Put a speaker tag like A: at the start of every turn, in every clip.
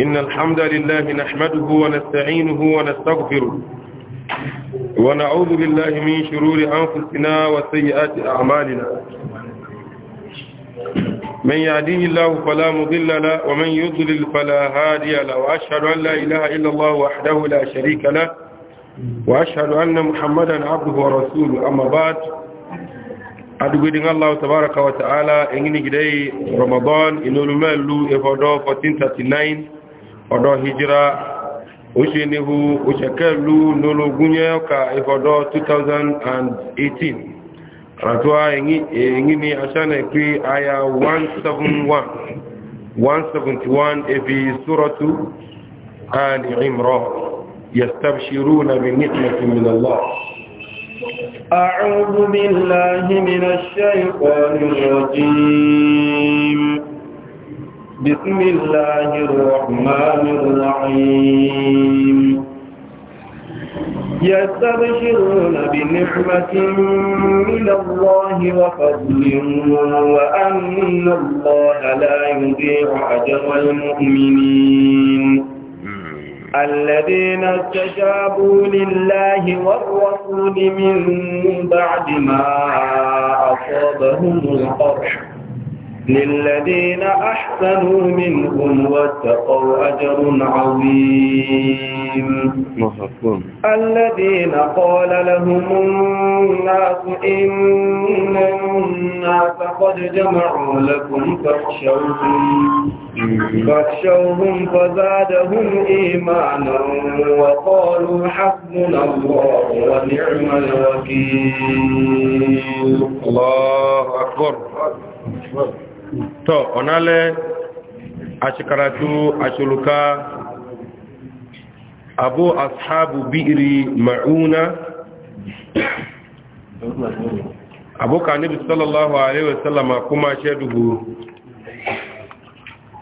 A: إن الحمد لله نحمده ونستعينه ونستغفره ونعوذ بالله من شرور أنفسنا وسيئات أعمالنا من يهديه الله فلا مضل له ومن يضلل فلا هادي له وأشهد أن لا إله إلا الله وحده لا شريك له وأشهد أن محمدا عبده ورسوله أما بعد adugbedin Allah tabaraka wa ta'ala ingini gidai Ramadan inolu melu efodo 1439 ọ̀dọ̀ hijira ó ṣe níhu òṣèkẹ́lú lólógúnyẹ́ ọkà ìfọ̀dọ̀ 2018 àtúwà èyí ni aṣánà pé aya 171 171 ebi sórọ́tú ali imran يستبشرون بنعمة من الله
B: أعوذ بالله من الشيطان الرجيم بسم الله الرحمن الرحيم يستبشرون بنعمة من الله وفضل وأن الله لا يضيع أجر المؤمنين الذين استجابوا لله والرسول من بعد ما أصابهم القرح للذين أحسنوا منهم واتقوا أجر عظيم الذين قال لهم الناس إن الناس قد جمعوا لكم فاخشوهم فاخشوهم فزادهم إيمانا وقالوا حسبنا
A: الله ونعم الوكيل الله أكبر tɔ ɔna lɛ atsikaratu atsoluka abo ashabu biiri ma'una abo ka nebi sallallahu wa wasallam kuma atsɛ dugu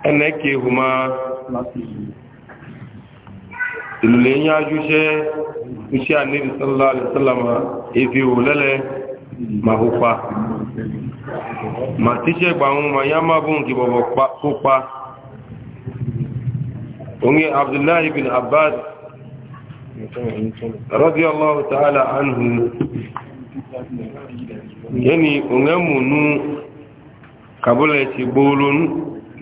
A: ɛnɛ ke huma ilule nyaju tsɛ usi anebi sallallahu alaihi wasallam evi wòlɛlɛ mahofa. ma tiche gbanwu ma ya ma bụ nke bọbọ kụkpa onye abdullahi bin abbas radiyallahu ta'ala anhu yani onye munu kabula ti gbolun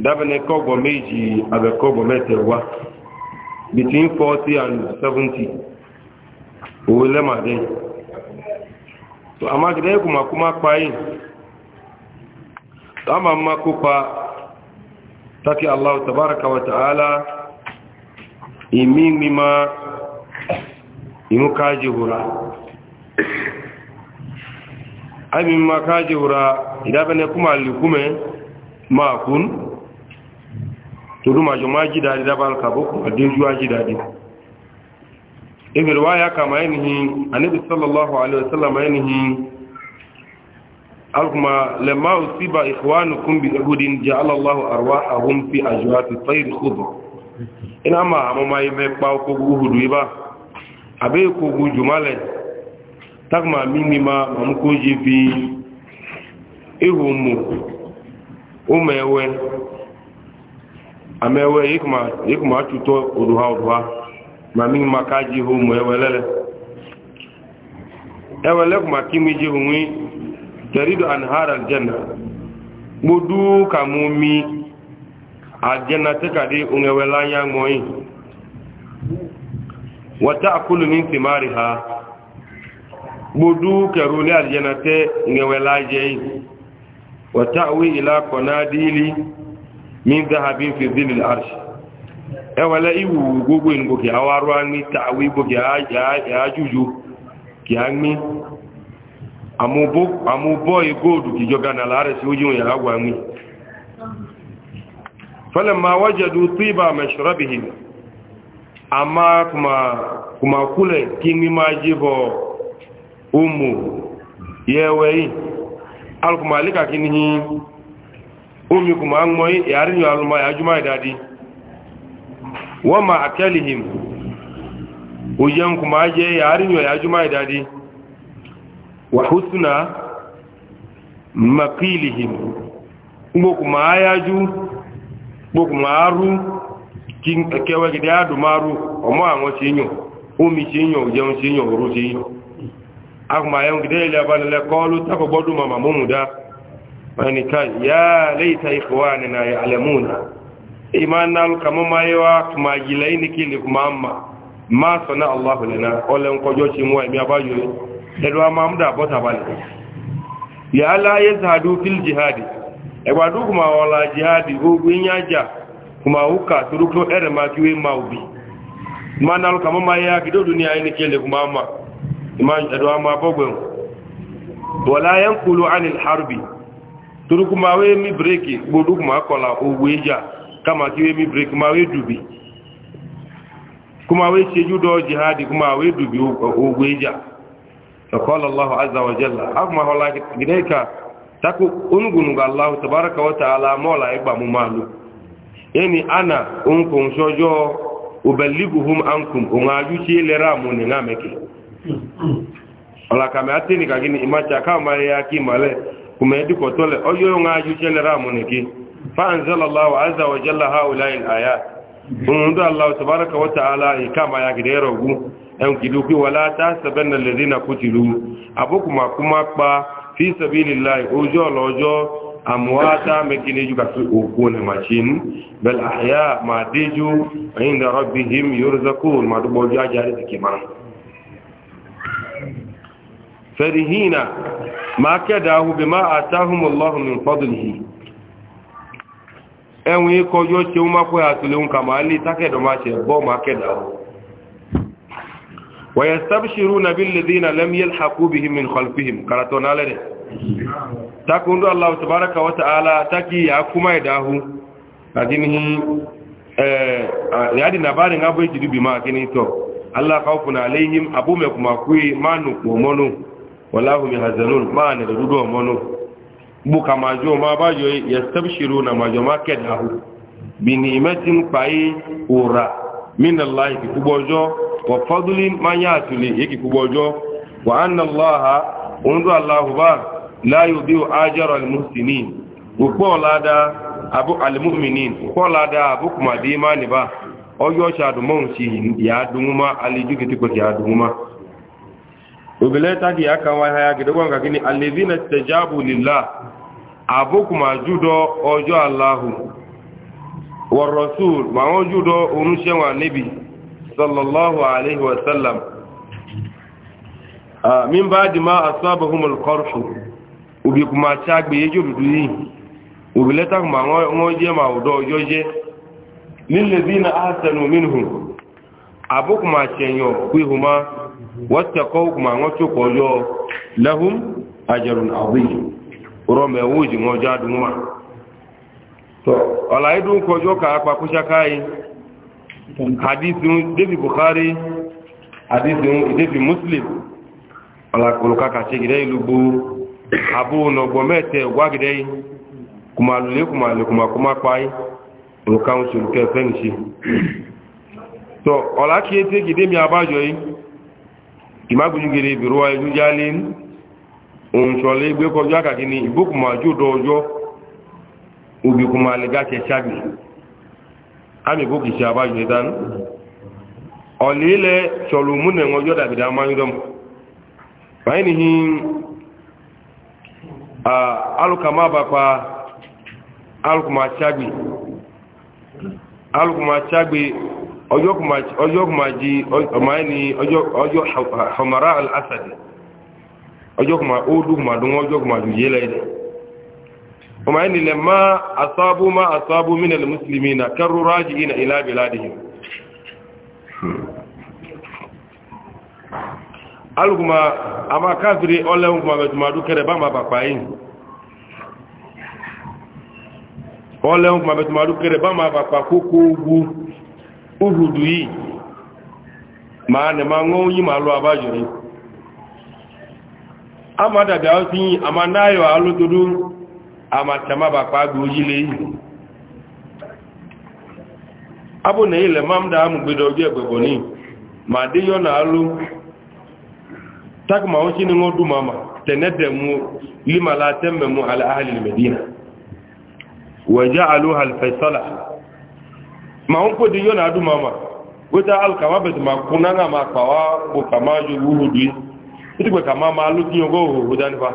A: dabene kọgbọ meji abẹkọgbọ mẹtẹwa between 40 and 70 owó lẹ́màdé so àmàgídẹ́ kùmàkùmà pa yìí ama ma kupa taki Allah tabaraka wa ta'ala imi mima imu kaji hura ai mima kaji hura idan bane kuma likume ma kun tudu ma juma ji dadi da bal kabo kuma din juwa ji dadi ibn riwaya kama yanihi annabi sallallahu alaihi wasallam yanihi alkuma lamma usiba ikhwanukum bi uhudin ja'ala Allahu arwahahum fi ajwati tayr khudr ina ma iba abe ko gu jumale takma mimi ma mamko jibi ihumu umewe ma mimi makaji humu tẹ̀rídọ̀ àníhàrà aljanna mo dúkà mú mi aljanna tẹ́kàdé òǹwẹ̀ láyá mọ́yìn wata akúlù ní tìmárì ha mo dúkẹ̀rù ní aljanna tẹ́ òǹwẹ̀ láyẹ́ yìí wata awé ilá kọ̀ná díìlì mi ń dáhàbí fi díìlì arṣì ẹwẹ̀lẹ́ gbogbo ìgbòkè awárọ́ ní tàwí gbogbo kìí ajújú àmúbọ́ igóòdù kìjọ gánà láàrẹ̀ sí ojú ìyàrá wà ní fẹ́lẹ̀ ma wájẹ̀dú tíbà mẹ́ṣọ́rọ̀bìhì a ma kùmàkúlẹ̀ kí ní máa jíbọ̀ umu yẹ́wẹ́ yìí alùkùmàlíkà kí ní omi kùmà ń mọ́ ìyàrin alùmọ́ ìyàjúmọ́ ìdádí wọ́n ma àkẹ́lìhìm وحسن مقيلهم بكما ياجو بكما رو kewe gidi adumaru ọmọ àwọn tí yàn omi tí yàn jẹun tí yàn orú tí yàn akùnmáyàn gidi ilẹ̀ abanilẹ́kọ́ ló tako gbọ́dún mama mọ́mùdá ẹnìkan yá lẹ́yìntà ìfọwà nínú alẹ́mùnà ìmáná kàmọ́ máa yẹ wá kùmà yìí lẹ́yìn ní kí lè kùmà mà má sọ náà allah lẹ́nà ọlẹ́nkọjọ́ tí mú ẹ̀mí ẹ̀rọ amáàmúdà bọ́tàbálẹ̀ yà á láyé sàádú fíl jihadi ẹ̀gbàdú kùmà ọ̀la jihadi gbogbo inyá jà kùmà húkà torúkú ẹ̀rẹ̀ máa kí wé máa òbí ma náà lọ́kà mọ́ máa yá kìdóòdù ní ayé ní kílẹ̀ kùmà harbi torúkú mi bírèkì gbogbo kùmà kọ̀la owó ìjà kàmà kí mi bírèkì máa wé dùbì kùmà jihadi kùmà wé dùbì owó ìjà فقال الله عز وجل أغمى هولا جديك تكو أنغنغ الله تبارك وتعالى مولا إبا ممالو يعني أنا أنكم شجو أبلغهم أنكم أنعجوشي لرامون نعمكي ọ̀la kàmẹ́ àtẹ́nì kàgínì ìmájà káàmà ẹ̀yà kí màlẹ̀ kùmẹ̀ẹ́dìkọ̀ tọ́lẹ̀ ọyọ́ ọ̀nàjúṣẹ́ lẹ́ra àmúnìkí fáànzẹ́lọ́láwọ̀ azàwọ̀jẹ́lá haúláìl àyà ohun dọ́ aláwọ̀ tàbárakà wọ́ta aláì káàmà ya gidẹ́ rọ̀gún ẹn kìlú pé wà látà sẹ́bẹ̀nà lẹ́dí na kó tìlú àbókùnmá kú má pa fi sẹ́bí lílá ojú ọlọ́jọ́ àmúwátá mẹ́kìnlẹ́jú kàfí òkú ní màṣín bẹ̀lẹ̀ àyà máa déjú ẹ̀yìn dàrọ́ bí him yóò rẹ́kù màdúgbọ́jú ajáre ti kìmá fẹ̀rìhìnà máa kẹ́dà ahu bí máa ní fọ́dùn ويستبشرون بالذين لم يلحقوا بهم من خلفهم قراتونا لده تكون الله تبارك وتعالى تكي يحكم يداه لكنه يعني نبار ngabo jidu bima kini to Allah khawfun alaihim abume kuma kui manu ko mono wallahu yahzanun mana da dudo mono bu kama jo ma ba jo yastabshiruna ma jo makedahu bi ni'matin fa'i ura min Allah ki kubojo وفضل ما ياتلي هيك كوجو وان الله انظر الله با لا يضيع اجر المحسنين وقولادا ابو المؤمنين وقولادا ابو كما ديماني با oyo shadu mon shi ya dunguma alijuki tiko ya dunguma ubeleta ki aka wa haya gidogo ngakini alladhina istajabu lillah abukuma judo ojo allah wa rasul ma wa nabi sallallahu alaihi wasallam ah, min ba di ma asabahum alqarhu ubi kuma chagbe yejo dudu ubi leta kuma won je ma odo yoje lil ladina ahsanu minhum abu kuma chenyo kuma won to koyo lahum ajrun azim ma ka hadithun defi bukhari hadithun defi muslim alakoloka kàṣe gidẹ ilugbo abu nọgbọ mẹtẹ wá gidẹ kùmàlùlé kùmàlù kùmàkùmà páyé olùkàwọn ṣolùkẹ fẹǹṣe tọ ọlákìí tí gidẹ mi abájọ yìí ìmágbójúgere ìbìrúwa ìlújálé òǹṣọlẹ gbẹkọjọ àkàkí ni ìgbókùmàjò dọjọ òbíkùmàlẹ gàṣẹ ṣáàgbì ami ko kisi abaju ni tan olile cholu mune ngo yoda bi da manyu dom bayni hi a alu kama ba pa alu kuma chagbi alu kuma chagbi ojo kuma ojo kuma ji mayni ojo ojo humara al asad ojo kuma odu kuma dun ojo kuma ju yele kuma yani lamma asabu ma asabu min almuslimina karru raji'ina ila biladihim hmm. alguma ama kafiri olen kuma betuma dukere bama bapayin olen kuma betuma dukere bama bapa koko ugu uhudu yi ma ne ma ngo yi ma lo abajori ama da bi awtin ama nayo alududu amachama bakpa gbe ojile ihu abụ na ile mamda amụ mgbede obi egbeboni ma dị yo na alụ takma ochi ni ngodu mama tenete mu lima la temme mu ala ahli almadina wa ja'aluha alfaisala ma on ko di yo na du mama wata alkawa bet ma kunanga ma kawa bu kama ju wuhudi itigwe kama ma alu ti yogo ho danifa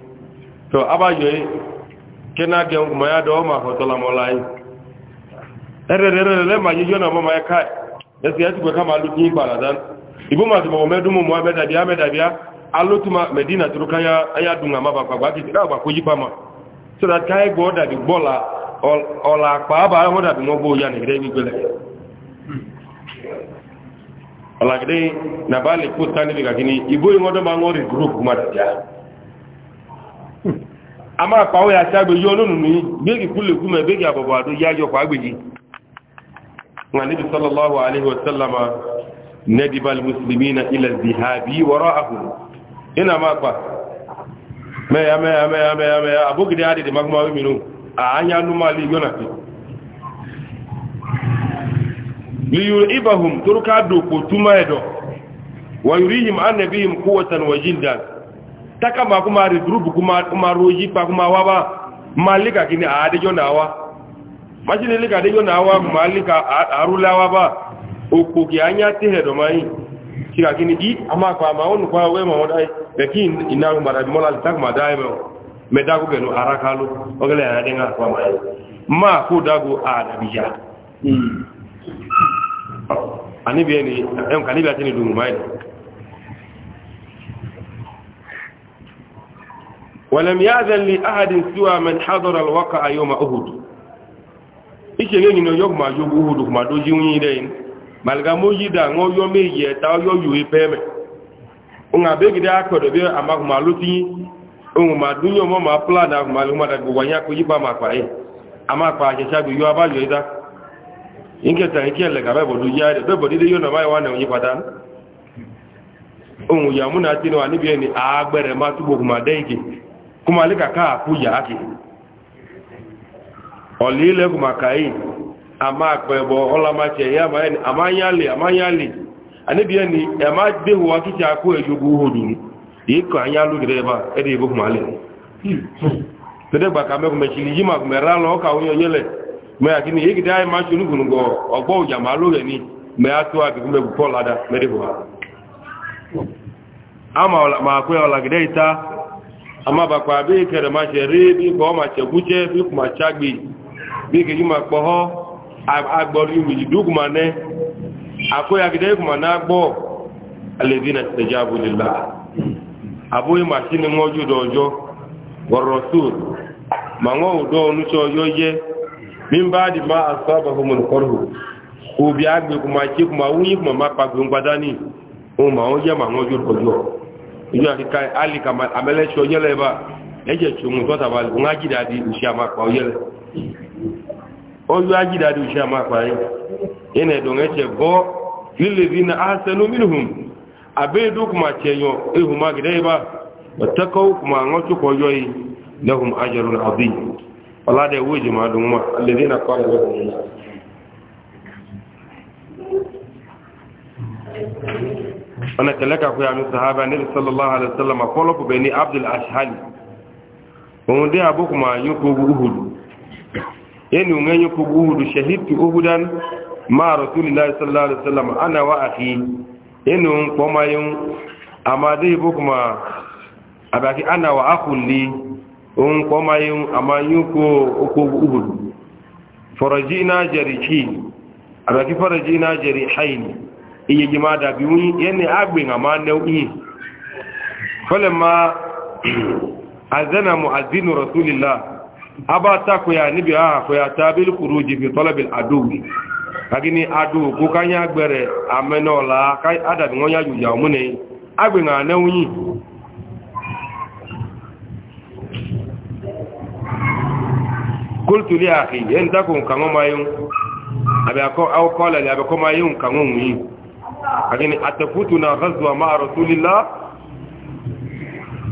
A: So abajo yi kena gen kuma ya da ma hoto la molai ere ere ere ma yi jona mama ya kai yesi yati kwa kama lutin bala dan ibo ma tumo me dumo mo abeda biya abeda biya alotuma medina turuka ya aya dunga maba kwa gwaki da kwa kuji pama so that kai go da bi bola ola pa ba ho da mo go ya ni re bi gele ala gede na bali kutani bi gakini ibo ngodo ma ngori group kuma da ya a máa pàwọ́ àti agbèjì olónù ní gbégi kúlèkú mẹ́ gbégi àbọ̀bọ̀ àdó yájọ pa agbèjì wọn níbi sallallahu alaihi wasallama nadibal musulmi na ilẹ̀ zihabi wọ́rọ̀ ahùn ina máa pa mẹ́ya mẹ́ya mẹ́ya mẹ́ya takama kuma regroup kuma kuma roji pa kuma waba malika kini adejo nawa machine lika jona wa malika arula waba okoki anya tehe do mai kira kini i ama kwa maonu kwa we ma odai lekin inaru mara mola takma dai e me medago genu arakalu ogele adenga kwa mai ma e. ko dago adabiya mm ani bi hmm. ni em e kanibia tini dungu mai ولم يأذن لأحد سوى من حضر الوقع يوم أهد ike ne ni yo na yo buhudu ma do ji yin den malga yi da ngo yo ye ta yo yu e nga be gida ko be ama ma lu ma du mo ma plan ak ma ma da go ko yi ma pa e ama pa je sha bi yo aba yo ida inge ta ike le ga be ya be bo de yo na mai wa na yin padan ya mu na ti no ani ni agbere ma tu bo ma de ike kuma alika kaa kuja aki olile kuma kai ama kwebo ola mache ya ma ni amanyali amanyali anibi ni e ma de huwa kicha aku ejugu hodu iko anyalu greba ede ibo kuma ale tede gba ka me kuma chili jima kuma ralo ka onyo yele me akini yigi dai ma chulu gunugo ogbo uja ma lo ni me atu abi kuma bu polada me de huwa ama ma kwe ola gdeita amabakpa abịghị kere ma chere biko ọ ma chekwuche biko ma chagbi biko gị ma kpọọ agbọrọ iwujidu kumane akụ ya gide kumane agbọ alevi na teja abụlila abụghị mashin nwoju dị ọjọ gwọrọ ma nwa ụdọ ọnụcha ọjọ je ba dị ma asụ abahụ mụnkọrọ ubi agbe kuma chi kuma wunye kuma ma kpagbe ụmụ ma ma ìjọ àkíkà ka àmẹ́lẹ́sọ yẹ́lẹ̀ bá ẹjẹ̀ tí òun tọ́ta bá lè ń ájídàdì ìṣẹ́ àmàpà yẹ́lẹ̀ ó ájídàdì ìṣẹ́ àmàpà na áṣẹ́nu mínúhùn àbẹ́ẹ̀dókùnmà tẹ̀yàn ehùn má gẹ̀dẹ́ bá ọ̀tẹ́kọ̀ọ́kùnmà yìí Thank you. ana teleka ko ya sahaba nabi sallallahu alaihi wasallam kolo ko beni abdul ashhali on de abu kuma yuko uhud yani un yanyo ko uhud shahidtu uhudan ma rasulillahi sallallahu alaihi wasallam ana wa akhi yani un kuma yun amma dai bu kuma abaki ana wa akhuli un kuma yun amma yuko ko uhud farajina jarihi abaki farajina jarihaini iye jima dàbí wọn yẹni agbè nga máa nẹ wọn yìí fọlẹ ma azẹnamu azinu rasulila aba ta koya níbi aha koya ta bẹlẹ kuru jibi tọlẹbi ado wi agini ado ko ka nya gbẹrẹ amẹnọ la ka adàbí wọn yà jùjà wọn nẹ agbè nga nẹ wọn yìí. kultuli aki yen dako kan o mayun abi ako au kola li abi ko mayun kan akini atakutuna ghazwa ma rasulillah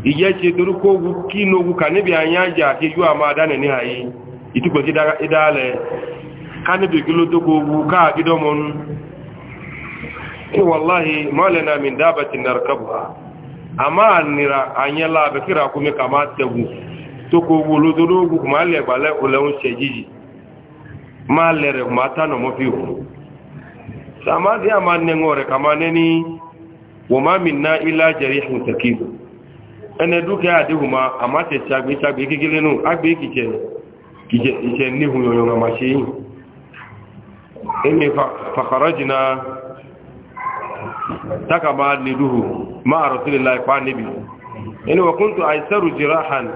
A: iye ce durko guki no guka ne bi anya ja ke ju ama dane ni hayi itugo ki daga idale kan bi gilo to go guka gido mon eh wallahi ma lana min dabatin narkabha ama nira anyela be kira ku me kama samadhi ama nengore kama neni wama minna ila jarihun takib ene duke adihuma amate chagbe chagbe kikilenu agbe kije kije ije ni huyo yo mashi inni fa kharajna takama liduhu ma rasulillahi fa nabi inni wa kuntu aisaru jirahan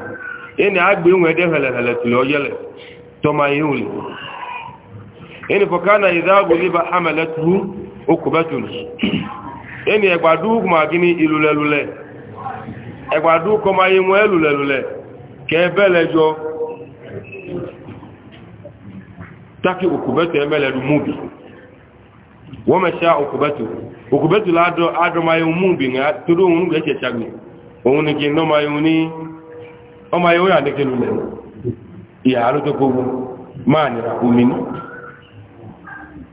A: inni agbe nwe de hele hele tulo yele to ma yuli eni fokana idha guliba hamalatuhu ukubatun eni egbadu kuma gini ilule lule egbadu kuma yimu elule lule kebele jo taki ukubatu emele mubi wọ́n mẹ́ṣá ukubatu ukubatu ma adọ́mayẹ mubi ní torí òun gbé nira omi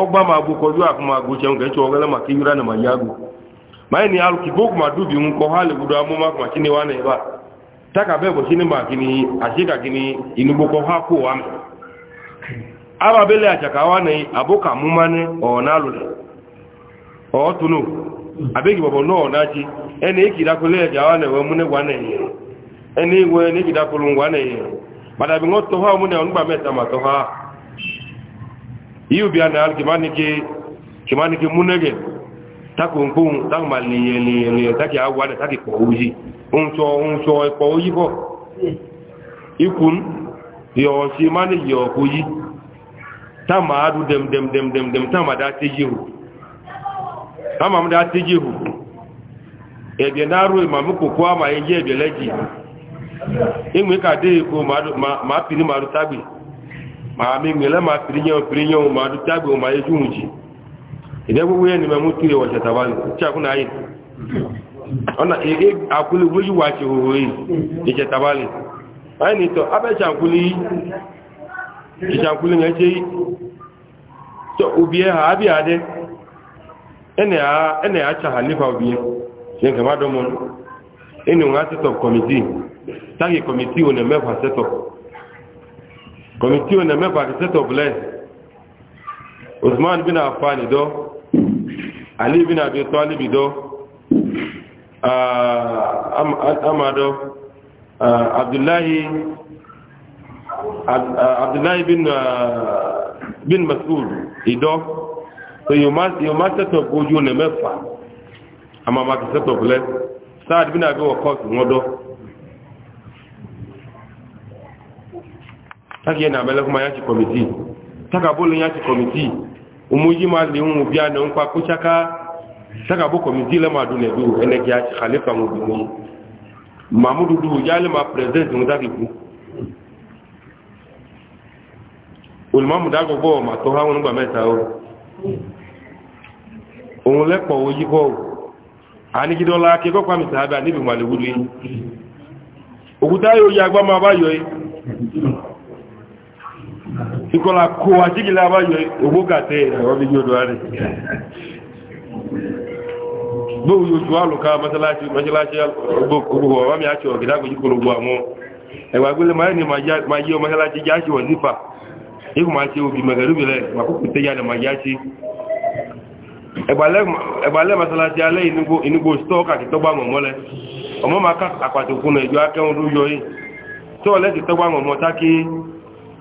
A: ọgba ma agụ kọju akụ ma agụcha nke nchọ ogele maka ihure na ma ya agụ ma anyị na ya alụkigbo okwu ma dubi nkọ ha lebudo amụma ma chine wa na ebe a taka be ụbọchị ne ma gịnị achị ka gịnị inugbokọ ha kwụ ụwa m aba bele acha ka wa na abụ ka amụma ne ọ na alụlị ọ tụnụ abịghị bọbọ nọọ na achị ena ekiri akụlụ ya ji awa na ewe mụne meta ma iyo bia na alkimani ke kimani ke munege takunkun takuma liyeliyeliye taki awade taki kpɔwuyi ŋutsɔ ŋutsɔ kpɔwuyi kɔ ikun yɔɔsi mani yɔɔkuyi tama adu dem dem dem dem dem tama da teji hu tama mu da teji hu ebie naru mamu koko ama ye ye ebie lɛ dzi eŋue ka de ko ma ma ma pini ma du ma mi ngela ma pirinyo pirinyo ma du tabu ma yejunji ide gugu ye ni ma mutu ye wacha tabani cha kuna ayi ona e e akuli wuji wachi ho yi ayi ni to abe cha to ubiye ha abi ade ene a ene a cha hanifa ubiye kama do mon ene ngati committee tangi committee one kọmiti ona mẹ́fà ti set of less usman bin afani dọ́ ali bin abi talibi dọ́ uh, amadọ́ uh, abdullahi uh, abdullahi bin bin masud idọ́ so you must you must set of ojú ona mẹ́fà amamaki set of less saad bin abi wakọ́s wọ́n dọ́ taki yana abẹ́lẹ́ kuma ya ci komiti takabolo ya ci komiti umuji ma le un biya ne nkwa kuchaka takabo komiti le ma dune du ene ki ya ci khalifa mu bi mu mamudu du ya le ma president mu taki ku ulma mu dago bo ma to ha won gba o òun lẹ́pọ̀ oyi bọ́ àníkídọ́lá akẹ́kọ́ pàmì sàábà níbi màlẹ̀wúdú yìí òkúta yóò yí agbá máa yọ yìí ìkọlà kó àjíkìlá bá yọ owó gàtẹ́ ìrọ̀bí yóò dọ́wà rẹ̀ gbóhù yóò jùwà lùká mọ́sálásí gbogbo ọ̀wá mi àti ọ̀gẹ̀dá gbogbo ìkọlọ̀gbọ̀ àwọn ẹ̀wà gbélé máa ní ma yí ọmọsálásí já sí wọ̀n nípa ikú máa ṣe obì mẹ̀gẹ̀rúbìlẹ̀ màkókò tẹ́yà lẹ̀ máa já sí ẹ̀gbàlẹ́ mọ́sálásí alẹ́ inúgbò stọ́ọ̀kì àti tọ́gbà mọ̀mọ́lẹ̀ ọmọ máa ká àpàtòkùn ẹ̀jọ́ akẹ́wọn ló yọ yìí tọ́ọ̀lẹ́ ti tọ́gbà mọ̀mọ́ tákìí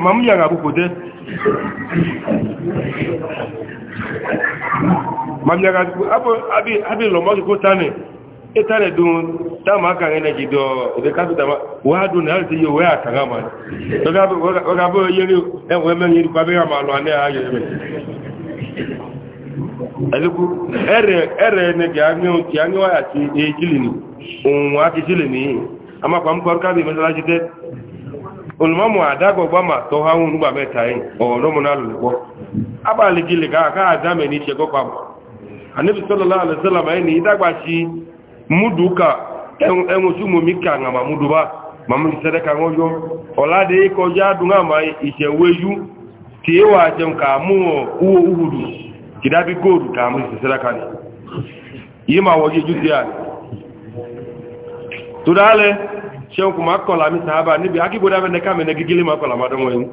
A: ma m ya ga-abụpụte ụlọ mọkịkụ tani ịtara dun dama aka ngene ji do ebe kapi dama wa dun na ma to ga bo ga bo yeri e we ma lo ere ga ngi o ti anyo ya ti e jilini un wa ti jilini olùmọ́mù àdágbọ̀gbà mà tọ́ háhùn nígbà mẹ́ta yìí ọ̀rọ̀ lọ́mọ náà lò lẹ́pọ̀ abàlì gilè káàká àdámẹ̀ ní ìṣẹ́gọ́ papọ̀ àníbi sọ́lọ́lá àlẹ́sọ́làmà ẹni ìdágbà sí múdùúkà ẹ̀wọ̀n ni wọ́n jù sí tó sẹ́wọ̀n kò máa kọ́lá mi sàábà níbi akíkòdá mẹ́nẹ́ káàmẹ́nẹ́ kíkílé máa kọ́lá máa dánwọ́ yìí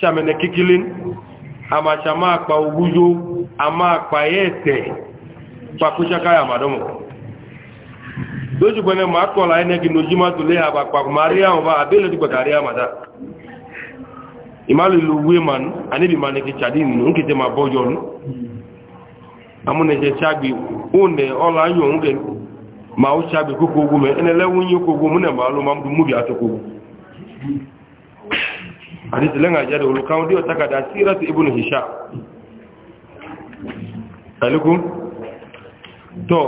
A: sàmẹ́nẹ́ kíkílé àmàṣà máa pa ogúnjó a máa pa ẹ̀ẹ̀tẹ̀ pàkúṣákáyà máa dánwọ́ lójúgbọ́nẹ́ máa kọ́lá ẹnẹ́gì ní ojúmọ́ tó lé ma nù àníbi ma nìkì chadí nụ ma o sabi ko kogu mɛ ɛnɛ lɛ wunye kogu mun na alo ma mu mubi ato kogu ani tɛlɛ ŋa jɛ de olu kan o de o ta ti ibunu hisa aliku tɔ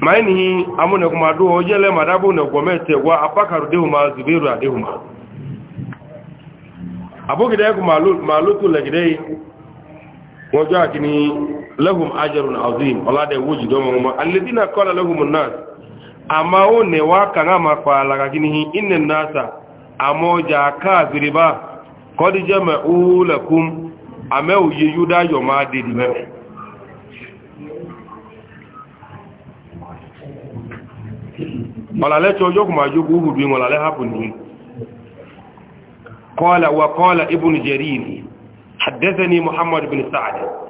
A: maa yi ni amu ne kuma do o yɛlɛ ma dabo ne gɔmɛ tɛ wa abakaru de ma zubiru a de ma abokidɛ kuma alo ma alo to lɛgidɛ lahum ajrun azim wala da wuji do mo alladina qala lahum an-nas amma wone wa kana ma qala ga ginihi inna nasa amoja kafiriba qad jama'u lakum ame uye yuda yo ma de di me wala le to ma joku hudu wala le hapuni qala wa qala ibnu حدثني محمد بن سعد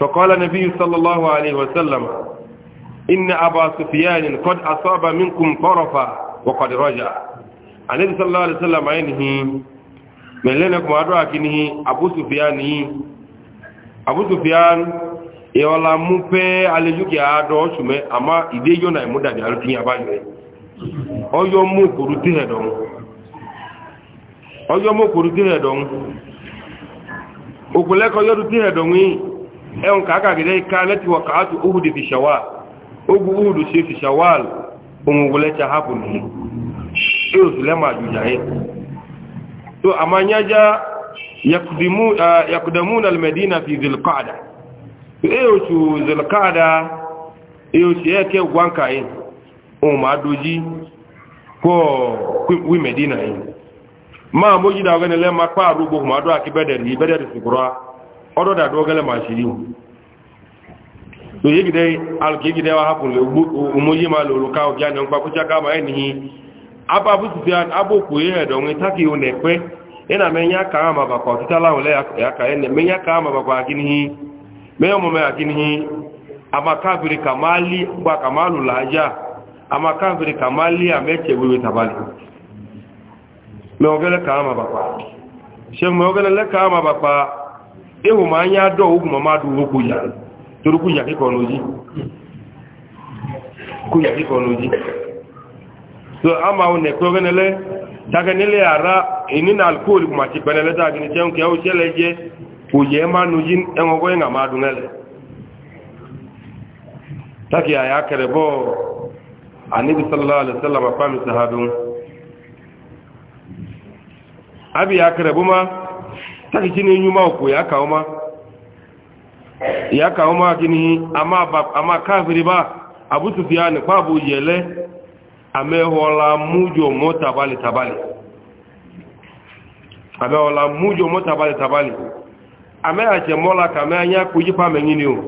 A: فقال النبي صلى الله عليه وسلم إن أبا سفيان قد أصاب منكم طرفا وقد رجع النبي صلى الله عليه وسلم عينه من لنكم أدراكنه أبو سفيان أبو سفيان يولا مبه على يوكي أدو شمي أما إدي يونا يمودا جالتين أباجوه أو يوم مو كورو تهدون أو يوم مو كورو تهدون okuleko yodu tine dongi eon kaka gide kanati wakati uhudi fi shawal ugu uhudu si fi shawal umugulecha hapo ni hiyo zulema ajuja hii to amanyaja yakdimu uh, yakdamuna almadina fi dhilqada hiyo chu dhilqada hiyo cheke gwanka hii o maduji ko wi medina hii ma moji da ogene le ma pa rubo ma do akibeder yi beder sikura odo da do gele ma shiri to yigi dai al gigi dai wa hakun aba bu ti an abo ku taki o ne pe ina me nya ka ma ba ko titala o le ya ka ene me ka ma ba ko akini me mo me akini ama kafiri kamali ba kamalu laja ama kafiri kamali ameche wewe tabali mɛ ogele kaama bakpa sheikh mɛ ogele le kaama bakpa ihu ma anya dɔ ogu ma ma du wo kuya toru kuya kikɔ n'oji kuya kikɔ n'oji so ama wo ne kogele le dagene le ara ini na alkohol kuma ti pɛnɛ le dagene tiɛ nkɛ o tiɛ le dze kuya ma n'oji ɛŋɔ kɔ eŋa ma du n'ɛlɛ taki a y'a kɛrɛ bɔ anibi sallallahu alaihi wa sallam a fa mi sahabi ŋu. abi ya kare buma taki kini nyuma uku ya kauma ya kauma kini ama ba kafiri ba abu sufyan kwa abu yele amehola mujo mota bali tabali amehola mujo mota bali tabali ame ache mola kame anya kujipa mengini o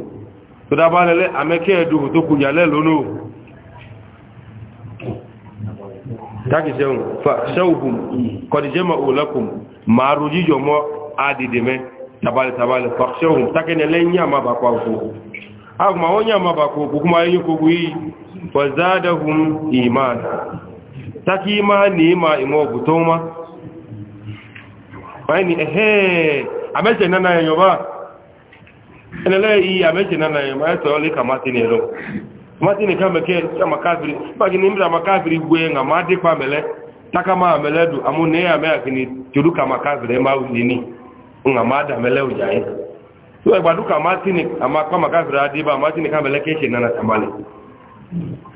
A: tudabale le ameke edu to kujale lono taki seun fa shawhum qad jama'u lakum ma rujijo mo adidime tabale tabale fa shawhum takene lenya ma ba kwa ku aw ma wonya ma ba ku kuma yin ku yi fa zadahum iman taki imani ma imo butoma ni ehe ameje nana yoba enele yi ameje nana yoba to le kamati ni lo mati ni kama ke kama kafiri baki ni mda makafiri gwenga mati kwa mele taka ma mele meledu amune ya mea kini tuduka makafiri ma nini unga mada mele ujai so ba duka mati ni ama kwa makafiri adiba mati ni kama mele ke nana tamale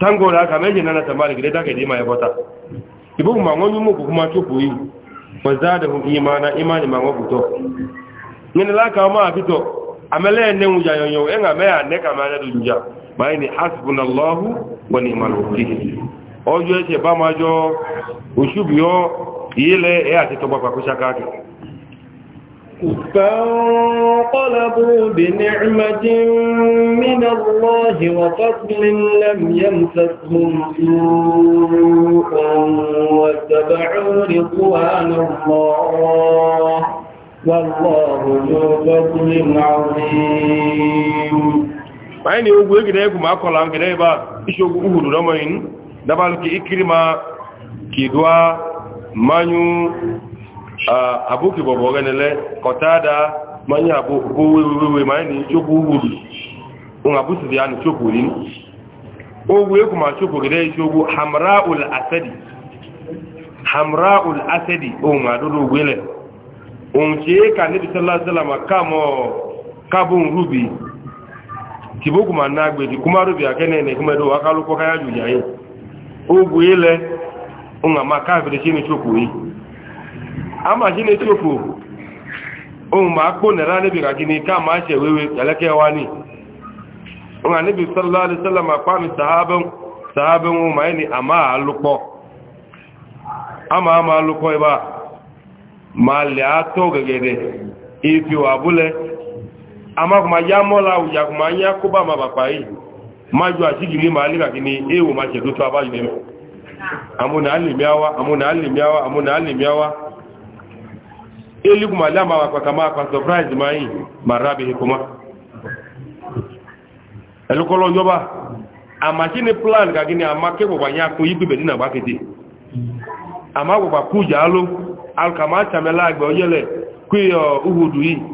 A: tango la kama je nana tamale gile take ya yabota ibu mangonyu mu kuma chupu yi wazadahu imana imani mangoku to ngene la kama afito amele ne ujayo yo enga mea ne kama ne dunja báyìí ni asibunallahu wọn ni ìmàlùkì ọjọ́ ẹ̀ṣẹ̀ bá máa jọ òṣùbíọ́ ìyẹ́lẹ̀ ẹ̀ àti tọgbà pàkúṣà káàkiri
B: فانقلبوا بنعمة من الله وفضل لم يمسسهم سوء واتبعوا رضوان الله والله ذو
A: عظيم anyị na-egwu egide egwu ma akọla ngede ebe a isiokwu uhuru domin dabalụ ka ikiri ma kidua manyu abụki bọbọ genele kọtada manyu abụwewewe ma anyị na-esiokwu uhuru nwa bụsidi anu na chokwuri ogwu egwu ma chokwu gide isiokwu hamraul asedi hamraul asedi ohun adụrụ ogwele ohun chee ka nebi sallallahu alaihi wasallam kamo kabun rubi kiboku ma na agbedi kuma rubi akene ne kuma do wakalu ko kaya ju yayi ogu ile unga makafiri chini chuku yi ama chini chuku un ma ko ne rani bi kakini ka wewe mi ma ni ama alupo ama ama alupo iba ma le ato gegede ifi wa ama kuma ya mọ́la òyà kuma ya kó bá ma bàpá yìí má jọ àṣíkì lè máa nígbàkí ní èèwò máa ṣètò tó abájú lẹ́mọ̀ àmúnà alìmíáwá àmúnà alìmíáwá àmúnà alìmíáwá elikuma lè máa pàkà máa pa surprise máa yìí ma rábi hekuma ẹlùkọ́lọ́ yọba àmàkí ni plan kàkí ni àmà kẹ́kọ̀ọ́ ya kún yí bíbẹ̀ nínà bákẹ́tẹ́ àmà kọ̀kọ̀ kú jà á ló alkàmà àtàmẹ́lá àgbẹ̀ ọyẹ́lẹ̀ kú ìyọ̀ uhudu yìí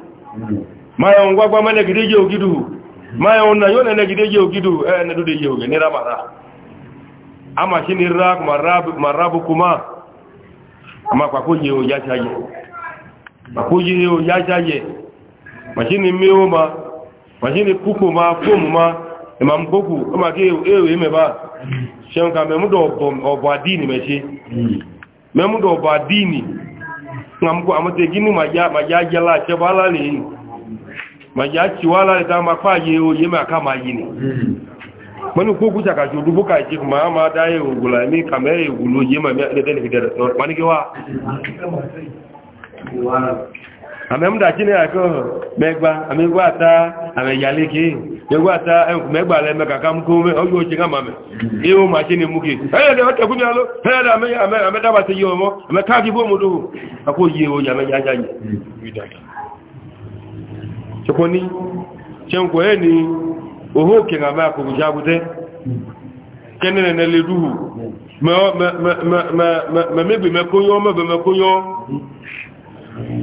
A: mayo ngwagwa mane gideje ogidu mayo na yone ne gideje ogidu eh ne dudeje ogi ne ramara ama shini rak marab marabu kuma ama kwa koje o yachaje makoje o yachaje mashini mioma mashini kuko ma fomu ma imam goku ama ke ewe imeba shenka memudo obo adini meshi hmm. memudo obo adini ngamko amate gini maja maja jala chebala le maja chiwala le dama kwa ye o ye ma kama yini mani ko kuta ka jodu buka ji kuma ma da ye ogula ni kama ye ye ma me de de de mani ke wa àmẹ́mdà kí ní àkọ́ mẹ́gbà àmẹ́gbà àta àmẹ́yàlékè mẹ́gbà àta mẹ́gbà alẹ́ mẹ́kàká mú kó mẹ́ ọjọ́ òṣèká màmẹ́ ihò máa ṣe ní mú kí ẹ̀yẹ̀dẹ̀ ọ̀tẹ̀kú ní alọ́ ẹ̀yẹ̀dẹ̀ àmẹ́dàbà ti yí ọmọ àmẹ́káàkì fóòmùdó àkó yí ewo yàmẹ́yàjá yìí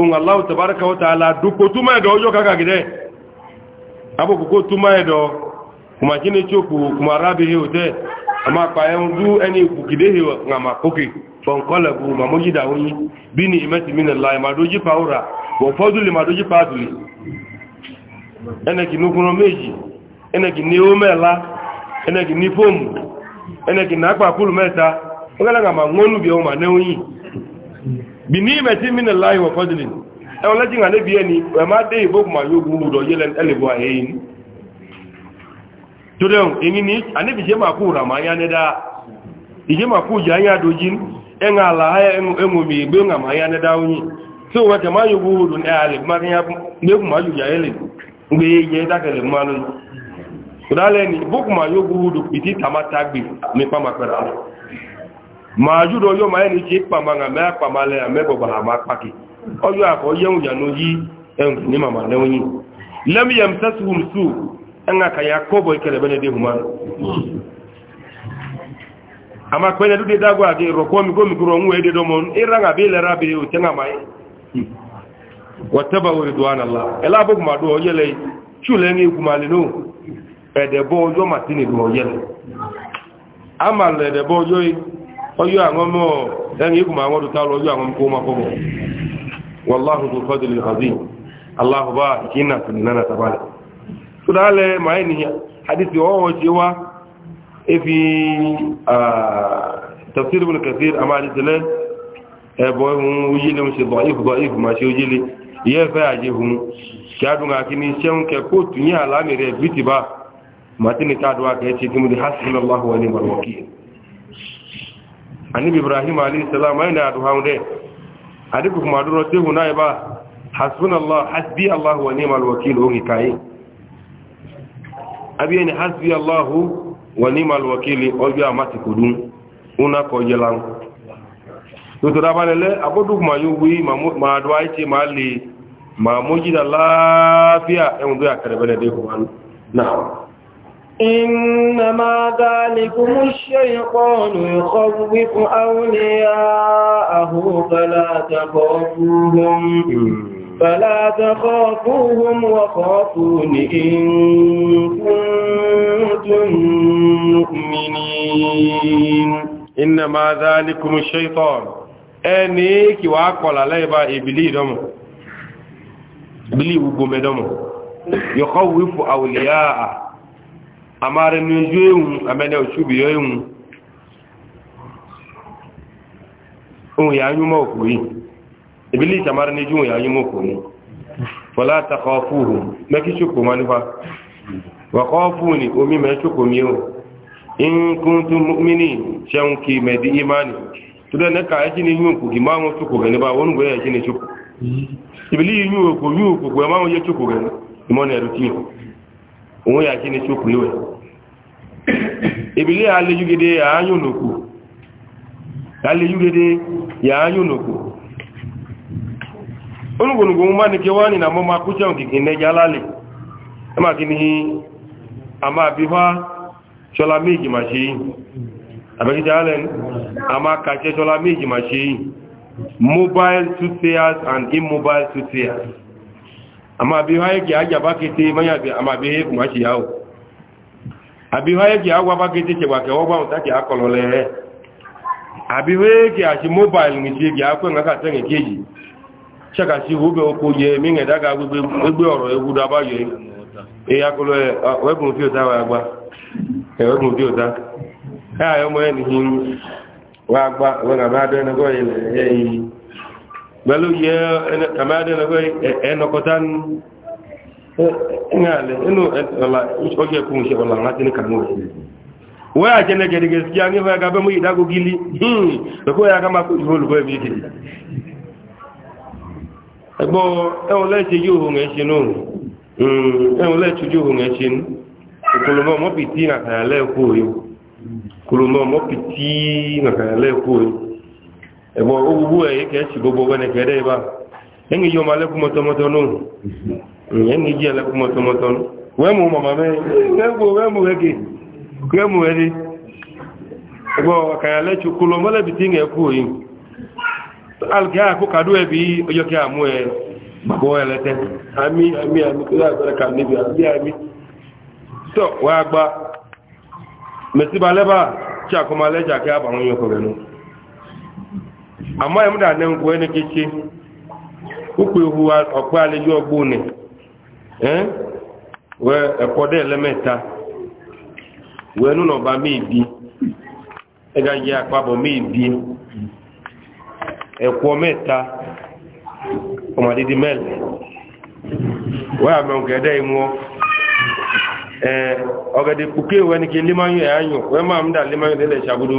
A: ohun aláwọ̀ tàbárakà wọ́ta aládùkò túnmọ̀ ẹ̀dọ̀ ọjọ́ kàkà gidẹ́ abúkòkò túnmọ̀ ẹ̀dọ̀ kùmàkíní chókù kùmàrábìhì òtẹ́ àmà pàyẹun dú ẹni ìkùkìdéhì àmàkókè fọ̀nkọ́lẹ̀kù màmójídà oyin bí ní ìmẹ́tìmínàlá ìmàdójípa òrà wọ̀ bi ni meti min allahi wa fadlin e wala jinga ne biye ni e ma de ibo kuma yo gulu do yelen elebo ayin to don eni ni ani bi je ma ku rama ya ne da ije ma ku ja ya do jin en ala ya en mu mi gbe nga ma ya ne da unyi so wa jama yo gulu ne ale ma ya ne kuma yo ja yelen ngbe ye da kele ma no kudale ni boku yo gulu bi tamata gbe mi pa ma màájú lọ yọ máa ẹni tí pàmà ń àmẹ́ àpàmà lẹ àmẹ́bọ̀bà àmà pàkì ọjọ́ àkọ́ yẹun yànú yí ẹ̀rùn ní màmá lẹ́wọ́n yìí lẹ́mìyàn sẹ́sùn sù ẹ̀ngà kàyà kọ́bọ̀ ìkẹlẹ̀bẹ́ni dé hùmá àmà pẹ́lẹ̀ dúdé dágbà àti ìrọ̀kọ́ mi kó mi kúrò ń wẹ́ dédọ́ mọ́ ìrànà bí ilẹ̀ rábì òtẹ́ngà máa yẹ ẹ̀dẹ̀bọ́ ọjọ́ màtínì ọjọ́ àwọn ọmọ ẹni ikú ma wọ́n tààrọ ọjọ́ àwọn kó makọ́bọ̀ wàláhù tó fọ́dù lè hàzí aláhùbá ìkínà tó nínú àtàbálẹ̀ tó dáálẹ̀ máa ní hadisi ọwọ́ ṣe wá efi tafsir bin kafir a máa ma ní ṣẹ́un kẹ kóòtù ní anibi ibrahim alayhi salam ayna adu haunde adiku kuma duro te huna ba hasbunallah hasbi allah wa ni'mal wakeel o kai abi ni hasbi allah wa ni'mal wakeel o bi amati kudun una ko yelan to to rabale le abodu kuma yu wi ma do ai ti ma li ma moji lafiya en do ya karbele de ko an
B: إنما ذلك الشيطان يخوف أولياءه فلا تخافوهم فلا تخافوهم وخافون إن كنتم
A: مؤمنين إنما ذلك الشيطان أنيك وأقول عليه إبلي دم إبلي وقوم دم يخوف أولياءه amara n'ojú ewu amẹ́lẹ́ òṣùbì yọ ewu ohun ya anyúmọ̀ òkú yìí ìbílí ìṣàmára ní ojú ohun ya anyúmọ̀ òkú ní fọlá fúhù mẹ́kí ṣòkò ma nípa wọ̀kọ́ fúhù ní omi mẹ́ ṣòkò mi ó in kún mímí kí mẹ́dí imani tó dẹ́ nẹ́ka ẹjí yún òkú kì máa wọn ṣòkò rẹ̀ nípa wọn gbé ẹjí ṣòkò yún òkú yún òkú máa wọn yẹ ṣòkò rẹ̀ ìmọ̀ tí òun yà ṣòkò ebile alejugede ya anya unoku alejugede ya anya unoku onugunugu mma ni kewani na mama kucha ngiki ne jalale ama kini ama a chola miji mashi abeki jalen ama kache chola miji mashi mobile tutors and immobile tutors ama biwa yake ajabakete maya bi ama àbíwá yẹ́ kí agbábá kéjé ṣẹgbàkẹ́ ọgbà ọ̀tá kí akọlọ lẹ́rẹ́ àbíwá yẹ́ kí àṣì mobile ní ṣe kí akọ́ ìrìnká tẹ́rìn kéjì ṣẹ́kàṣí ìhúbẹ̀ oko yẹ míngẹ̀dága gbégbé ọ̀rọ̀ ewu dábáyọ̀ èyí akọlọ ẹgbùn tí ó dá wà gbá ẹgbùn tí ó dá ẹ àyọmọ ẹni wà gbá ẹgbùn àmàdẹ́nagọ́ ngale inu la ngati ni kanu a jene ya go gili hmm, ya kama bi e eh, o le ti ju hu nge sinu hmm e eh, o le ti ju hu nge sinu kulumo mo piti na ka le ko yo kulumo mo piti na ka le ko yo ebo ogugu e ke si gbogbo ne kede ba yo ku ìyẹn ní jí ẹlẹ́kùn mọ́tọ́mọ́tọ́nú wẹ́mù mọ̀mọ́ mẹ́rin wẹ́mù ẹgẹ́ wẹ́mù ẹdí ẹgbọ́ kàyàlẹ́tù kúlọ mọ́lẹ́bì tí ń ẹkú òyìn alùkẹ́ àkókàdó ẹbí ọjọ́ kí àmú ẹ bàbọ́ ẹlẹ́tẹ́ àmì àmì àmì tó láàrín kà níbi àmì àmì tọ́ wà gba mẹ̀síba lẹ́bà tí àkọmọ alẹ́jà kí àbàwọn yọkọ̀ rẹ̀ nù àmọ́ ẹ̀múdà ẹni kéṣe ó pè ọ̀pẹ́ àlejò ọgbóni ee wee ekwodo elementa wee nụ n'ọba mebi ịgaghị akpabọ mebi ekwo meta ọmadịdị mel wee ame nke nwụọ ee ọgadi kpuke wee nike limanyu ya anyụ wee ma m da limanyu dị chabudu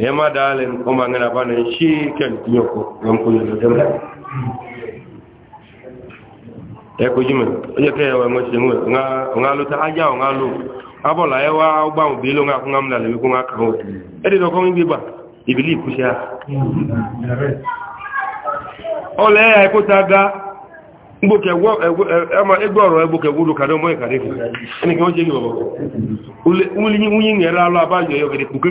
A: yema dalen kuma ngana bana shi ken yoko ngam ko yo dem e ko jima ye ke wa mo simu nga nga lu ta aja nga lu abola e, e bi nga ngam na le ko nga ka o e ko ngi ba ibili ku sha ko ta ga wo e, e, e ma ka do mo ka ni ke o je ni ule uli ku ke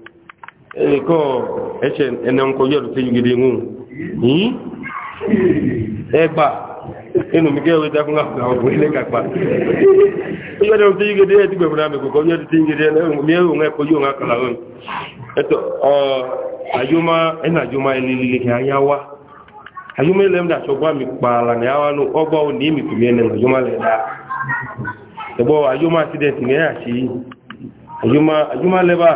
A: Eh, ko ẹ̀ṣẹ̀ ẹ̀nẹ̀kọ̀ yọ̀rù tí yìí gidi ń yìí ẹgbà inú mi kẹ́ wẹ́ta fún àwọn ọmọ ilé kàpá yọ̀rù tí yìí gidi ẹ̀ ti gbẹ̀fún àmì kòkó yọ̀rù tí yìí gidi ẹ̀rùn ẹ̀kọ́ yóò ń kàlà rẹ̀ ẹ̀tọ́ àyọ́má ẹ̀nà àyọ́má ilé ilé kẹ́ ayá wá àyọ́má ilé ẹ̀mdà sọgbà mi pààlà ní àwọn ọgbà òní mi tùmí ẹ̀nà àyọ́má lẹ́dà ẹ̀gbọ́ àyọ́má accident ní ẹ̀ àṣeyí àyọ́má lẹ́bàá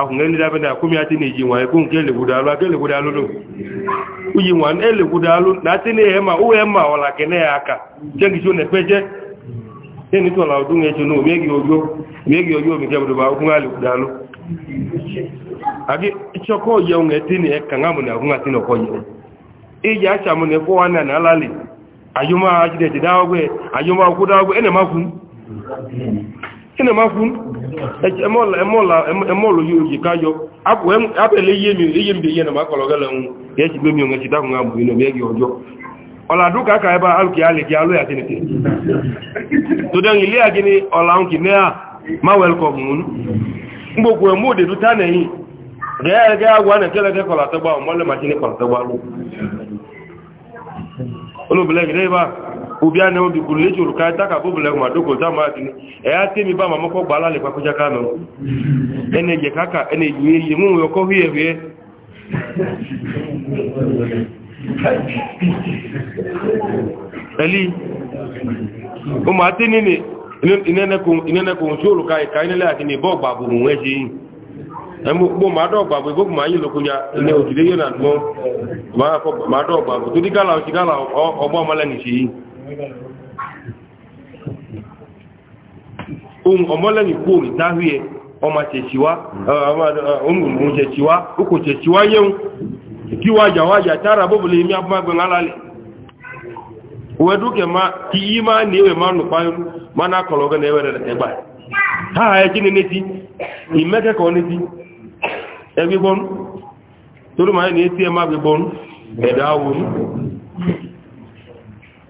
A: akùnkẹ́ni dábẹ́ náà kúmi àti ní ìjìnwà ẹkùn kí ẹlẹ́gùdà lọ akẹ́lẹ́gùdà lọ lọ ìjìnwà ẹlẹ́gùdà lọ láti ní ẹ̀ẹ́mà ó ẹ̀ẹ́mà ọ̀là kẹ́nẹ́ àkà jẹ́gi tí ó nẹ̀ pẹ́jẹ́ ẹni tó ọ̀là ọdún ẹ̀ṣẹ̀ náà mẹ́gì ni ẹ̀kàn àmùnà ọkùn àti nọ̀kọ́ yẹun ìyá àṣàmùnà ẹ̀kọ́ wa náà nálàlẹ̀ àyọ́mọ́ ajídẹ̀jẹ̀ dáwọ́gbẹ́ àyọ́mọ́ ina ma fún ẹmọ́lù yóò yìí káyọ abẹ̀lẹ̀ iye mi iye mi yẹn ma kọ̀lọ̀gẹ́ lẹ́hun yẹ́ ti gbé mi ọ̀gẹ́ ti dáhùn àmù inú ẹgbẹ̀ ọjọ́ ọ̀làdúkà aka ẹba alùkì alìkì alóyà tí nìtẹ̀ tó dẹ̀ ilé na ọ̀làun kì mẹ́à má wẹ́lkọ̀mù mún gbogbo ẹmú ma tánẹ̀yìn gẹ́ẹ̀gẹ́ àwọn ẹ̀kẹ́lẹ́gẹ́ a ọmọlẹ́màtí ní kọ̀làtẹ́gbà lóòbìlẹ̀ gẹ́ẹ̀bá obi a na-enwe bikwu le jụrụ ka ta ka bụbụla ma dokota ma e adịghị ya temi ba ma mọkọ gbala lekwa kụja kano ene ka ka ene yi eyi nwe nwe ọkọ hie hie eli ụmụ atị nini inenekwu nso ụlụ ka ka inele adị n'ebe ọgba bụ nwe ji gbogbo màádọ́ ọ̀gbàgbò ìgbókù máa yìí lókúnyà ilé òjìlé yóò nà mọ́ màádọ́ ọ̀gbàgbò tó dí gálà ọ̀sí gálà ọgbọ́n sí yìí ohun ọmọlẹ́yìn kú òmì dáhùí ẹ ọmọ ṣẹ̀ṣíwá ọmọ ṣẹ̀ṣíwá ókò ṣẹ̀ṣíwá yẹun kí wájà wájà tára bóbulẹ̀ èmi abúmágbẹ̀n alálẹ̀ wẹ́dúkẹ̀ máa kí yí máa ní ẹwẹ̀ máa nù páyọ́rú máa ná kọ̀lọ̀gẹ́ ní ẹwẹ̀ ẹgbà táà ẹjí ní ìmẹ́kẹ́kọ̀ọ́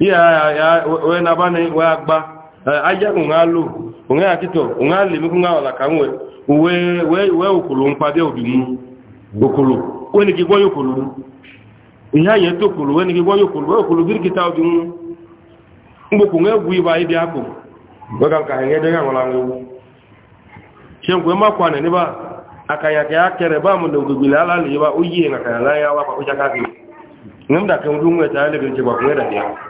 A: we na aba na we agba eh, aja ahụ alụ onwe ya kịtọ onwe a na-emekwu nwa ọla ka nwe okolo ihe anyị eto okolo wene gị gwọnye okolo okolo biri kịta obinwu mgbokwu egwu ibe anyị bịa akụ wega ka ha nyede ha ya ba na ogogile ala na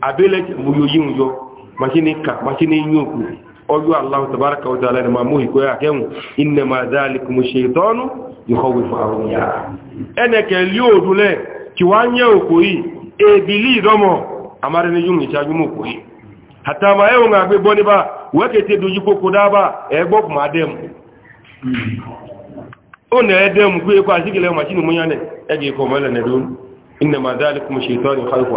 A: abeleke muyo yinyo mashini ka mashini nyoku ojo allah tabaraka wa taala ma ko ya inna ma zalikum shaytanu yukhawifu awliya eneke liodule kiwanye okoyi ebili domo amare ni yungi chaju okoyi. hata ma ewo nga gbe boni ba weke te doju koko da egbo kuma dem ona edem ku munyane ege ko mele ne inna ma zalikum shaytanu yukhawifu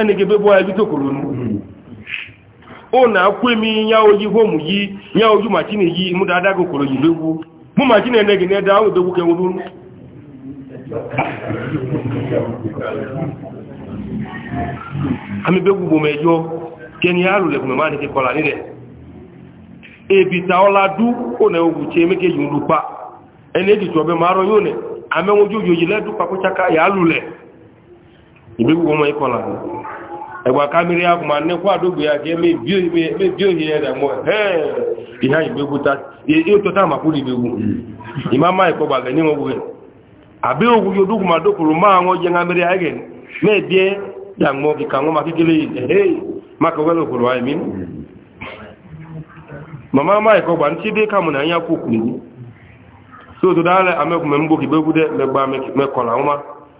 A: ẹni gẹ́gẹ́ bọ́ ẹbí tó kòrò nù hmm. ó nà kú mi yá ojú hóòmù yí yá ojú ma yí imú dáadáa kòrò yìí lówó mú màtínì ẹnẹ́gì ní ẹ̀dá àwọn ìdókù kẹwọn lónú àmì bẹ́ gbogbo mẹ́jọ kẹni àrùn lẹ́kùnmẹ́ máa ní kí kọlà nílẹ̀ èbì obi ó nà ogun tí ń lupa ẹni ọbẹ̀ máa rọ yóò àmẹ́wọ́n ojú papọ̀ ìgbégbogbo ọmọ ikọ̀ lànà ẹgbà kámírí akùnmá nípa àdógbò ya kí mẹ́bí òhì ẹ̀rẹ̀ mọ́ ẹ̀ẹ́ ìhá ìgbégbó ta yóò tọ́ta àmàkúrò ìgbégbó ìmáma ẹ̀kọ́ bàgẹ̀ ní wọn wẹ̀ àbí òkú yóò dúkùn máa dókòrò máa wọn jẹ́ kámírí ayẹ́gẹ̀ mẹ́ẹ̀dẹ́ dàgbọ́ kíkà wọn máa kékeré amẹ́kùnmẹ́ máa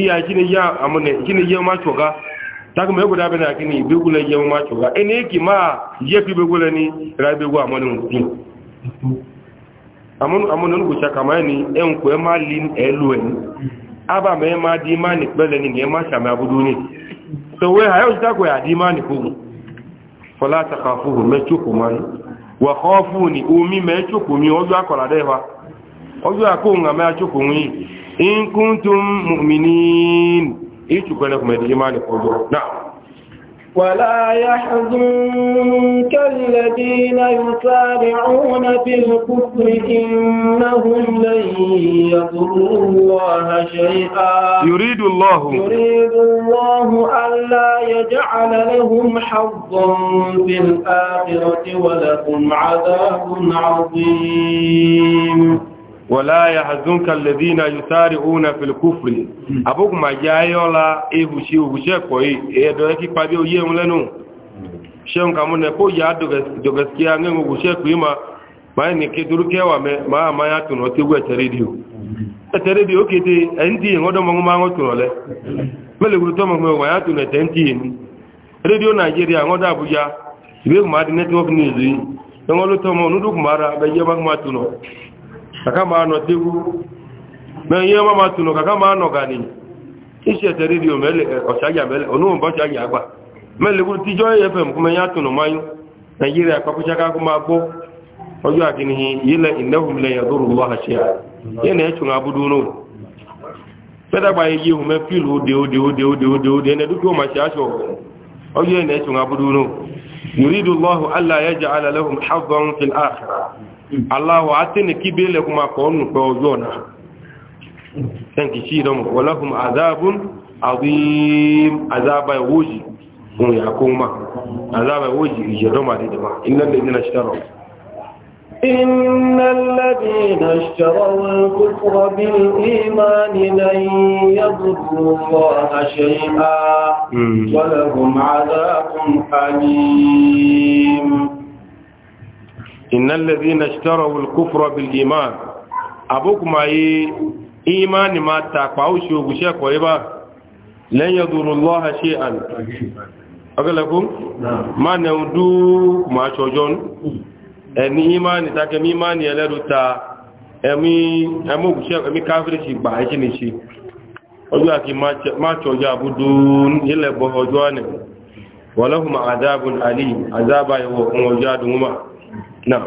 A: iya kini ya amune kini ya ma choga tak me guda bena kini be ya ma choga ene ki ma ye fi be ni ra be gwa amune nku amun amun nku cha kama ni en ku e ma lin elu aba me ma di ma ni pele ni nge ma sha ma budu ni to we hayo ta ko ya di ma ni ku fala takhafuhu me chuku man wa khafuni umi me chuku mi ojo akola de wa ojo akun me achuku ngi إن كنتم مؤمنين إيش kana kuma da imani ko na'am ولا
B: يحزنك الذين يسارعون في الكفر إنهم لن يضروا الله شيئا يريد الله يريد الله ألا يجعل لهم حظا
A: في الآخرة ولهم عذاب عظيم ولا يحزنك الذين يسارعون في الكفر ابوك ما جايولا ايبوشي وغشكو اي دوكي بابي ويهم لنو شون كامون كو يا دوغسكيا نغو غشكو يما ما ني كدركه وما ما ما ياتونو تيغو تريديو تريديو كيتي انتي غدو مغو ما غتونو له ملغو تو مغو ما ياتونو تنتي راديو نيجيريا غدو ابوجا بيغ ما دي نتورك نيزي ngolo tomo nuduk mara be yema ma tuno kaka ma nọ tegwu na ihe ọma ma tụnụ kaka ma nọ gani isi ete redio e, ọchagya mele onuhu mba ọchagya agba melegbu tijọ efem kuma ya tụnụ mmanyu naijiria kpakpụchaka akụma gbụ ọjọ akinihi yile inehum le ya dụrụ ụlọ ha chi ya ya na echu abudu n'ụlọ fedagba ya yi hume filu ode ode ode ode ode ode na duka ụmachi achọ ọjọ ya na echu abudu n'ụlọ yuridu allahu alla ya ji ala lahum hazon fil akhirah aláwọ̀ átẹ́nì kí bí lẹ́kùn máa kọ́ ọ̀nù pẹ́ ọjọ́ náà tẹ́ǹkì sí ìdánwò wọláhùn àzáàbùn àwím àzáàbà ìwòjì ohun ìyàkó àzáàbà ìwòjì ìjẹ̀dọ́mà dídìmá iná lè ní nàṣítàrọ̀
B: إن الذين اشتروا الكفر بالإيمان لن يضروا الله ولهم عذاب
A: حليم إن الذين اشتروا الكفر بالإيمان أبوك ما إيمان ما تقعوا شو بشاك وإبا لن يضر الله شيئا أقول لكم ما نودو ما شجون ẹni imani ta kẹmi imani ẹlẹ́rù ta ẹmí káfíríṣì gbà ẹ́ṣì ní ṣe ọjọ́ àti máṣọ́jọ́ àbúdó ilẹ̀ bọ̀ ọjọ́ ànẹ̀ wọ́lọ́hùn àzábùn àlì àzábà ìwọ̀ fún ọjọ́ àdúnwà نعم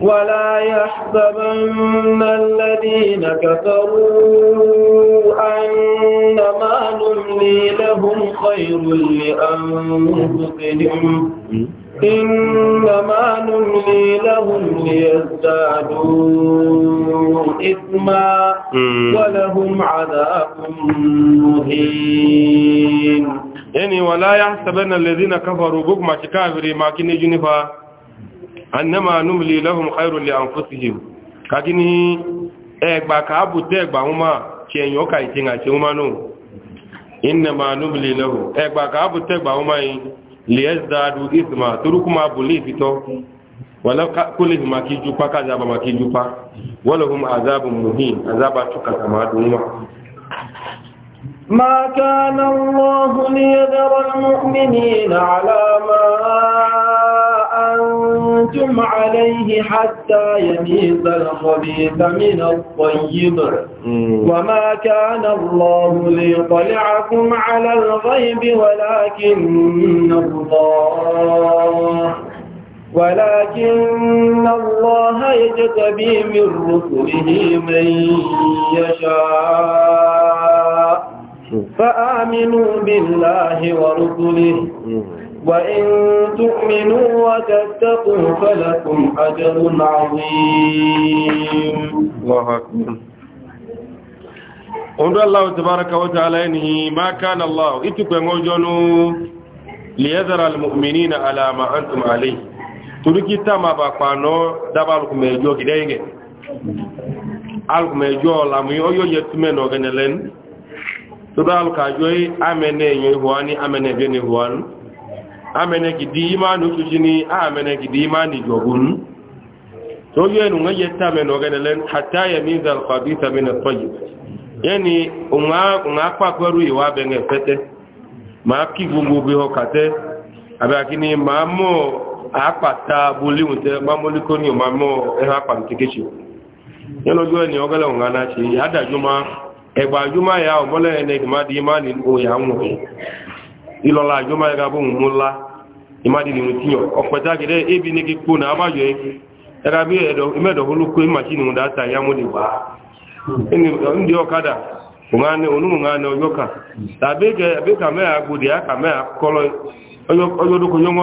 A: ولا
B: يحسبن الذين كفروا أنما نملي لهم خير لأنفسهم إنما نملي لهم ليزدادوا إثما ولهم عذاب
A: مهين يعني ولا يحسبن الذين كفروا بكما شكافري ما كنجنفا annama numli lahum khairun li anfusihim kagini egba ka abute egba huma cheyan ka itin ati huma no innama numli lahum egba ka abute egba huma yin li yazdadu ithma turukuma buli fito wala kulihim makiju pa kaza ba makiju pa walahum azabun muhin azaba tuka kama duma
B: ما كان الله ليذر المؤمنين على ما أنتم عليه حتى يميز الخبيث من الطيب وما كان الله ليطلعكم على الغيب ولكن الله ولكن الله يجتبي من رسله من يشاء فآمنوا بالله ورسله وإن تؤمنوا وتتقوا فلكم أجر عظيم الله أكبر
A: عند الله تبارك وتعالى إنه ما كان الله إتكم وجنوا ليذر المؤمنين على ما أنتم عليه تركي تما باقانو دبالكم يجوك دينك alùkùnmẹ̀ ẹjọ́ ọ̀làmù ọyọ́ yẹ túnmẹ̀ nọ̀gẹ̀nẹ̀lẹ́nu tó dá alùkàjọ́ amẹ́nẹ̀ èèyàn ìhùwá ní amẹ́nẹ̀ ẹ̀bẹ́ ní ìhùwá nù amene gidi imanu chuchini amene gidi imani jogun to yenu ngaye tame no genelen hatta yamiza al-khabitha min at-tayyib yani unga unga kwa kwaru iwa benge fete ma ki gungu bi hokate abe akini mamo apata buli unte mamoli koni mamo e hapa mtikechi yeno jo ni ogele unga na chi hada juma egba juma ya obole ene gima di imani o ya nwo ilola àjọmọ́ ẹ̀ka bó ń mú ńlá ìmádìí nìyẹn tiyan ọ̀pẹ̀tà kìdẹ́ ebi ní kí kpó náà abájọ yẹ ẹ̀ka bí ẹ̀dọ̀ olóko ẹ̀ màṣínì ń ọkada ya mú ni wá ndí ọ̀kadà onúmùngànà ọjọ́ka tàbí ka mẹ́à gbòdì á kà mẹ́à kọ́lọ́ ọjọ́dúkọ ya mú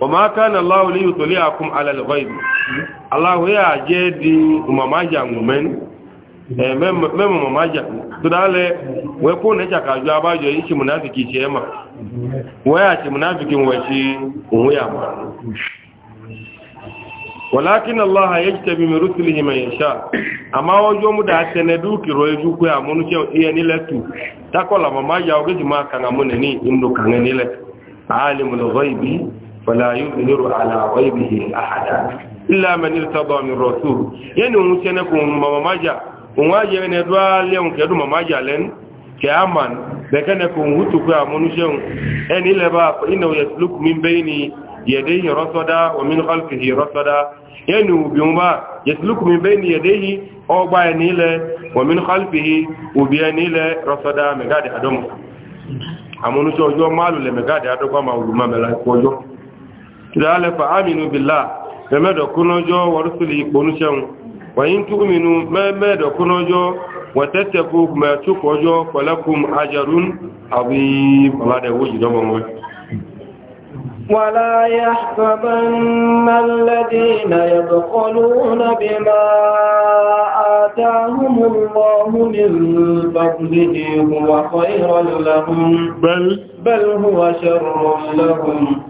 A: وما كان الله ليطلعكم على الغيب الله يا جدي وماما جامن mẹ́mọ̀ mọ̀má jà tó dálẹ̀ wẹ́ kó ní ṣàkàjú abájọ yìí ṣe múnáfikì ṣe ẹmà wẹ́ àti múnáfikì wọ́n ṣe òun yà máa wọ́lákín aláha yẹ́ jẹ́ bí mẹ́rú sílẹ̀ yìí mẹ́yẹ̀ ṣá àmá ọjọ́ múdà tẹ́nẹ̀dú kìrọ ẹjú pé àmúnúṣẹ́ ولا يظهر على غيبه أحدا إلا من ارتضى من رسول يعني ونسينكم مماجا ونواجه من أدوال يوم كدو مماجا لن كأمان لكنكم هتوكا منشون أن إلا باق إنه يسلك من بين يديه رصدا ومن خلفه رصدا يعني بيوما يسلك من بين يديه أو بين إلا ومن خلفه وبين إلا رصدا مقاد أدوم أمونشون جو مالو لمقاد أدوكما ولما ملايك وجو ذلك فآمنوا بالله فما دكونا جو ورسل يقونشون وإن تؤمنوا ما ما دكونا جو وتتقوا ما تقوا جو فلكم أجر عظيم الله ده وجه
B: ولا يحسبن الذين يبخلون بما آتاهم الله من فضله هو خيرا لهم بل بل هو شر لهم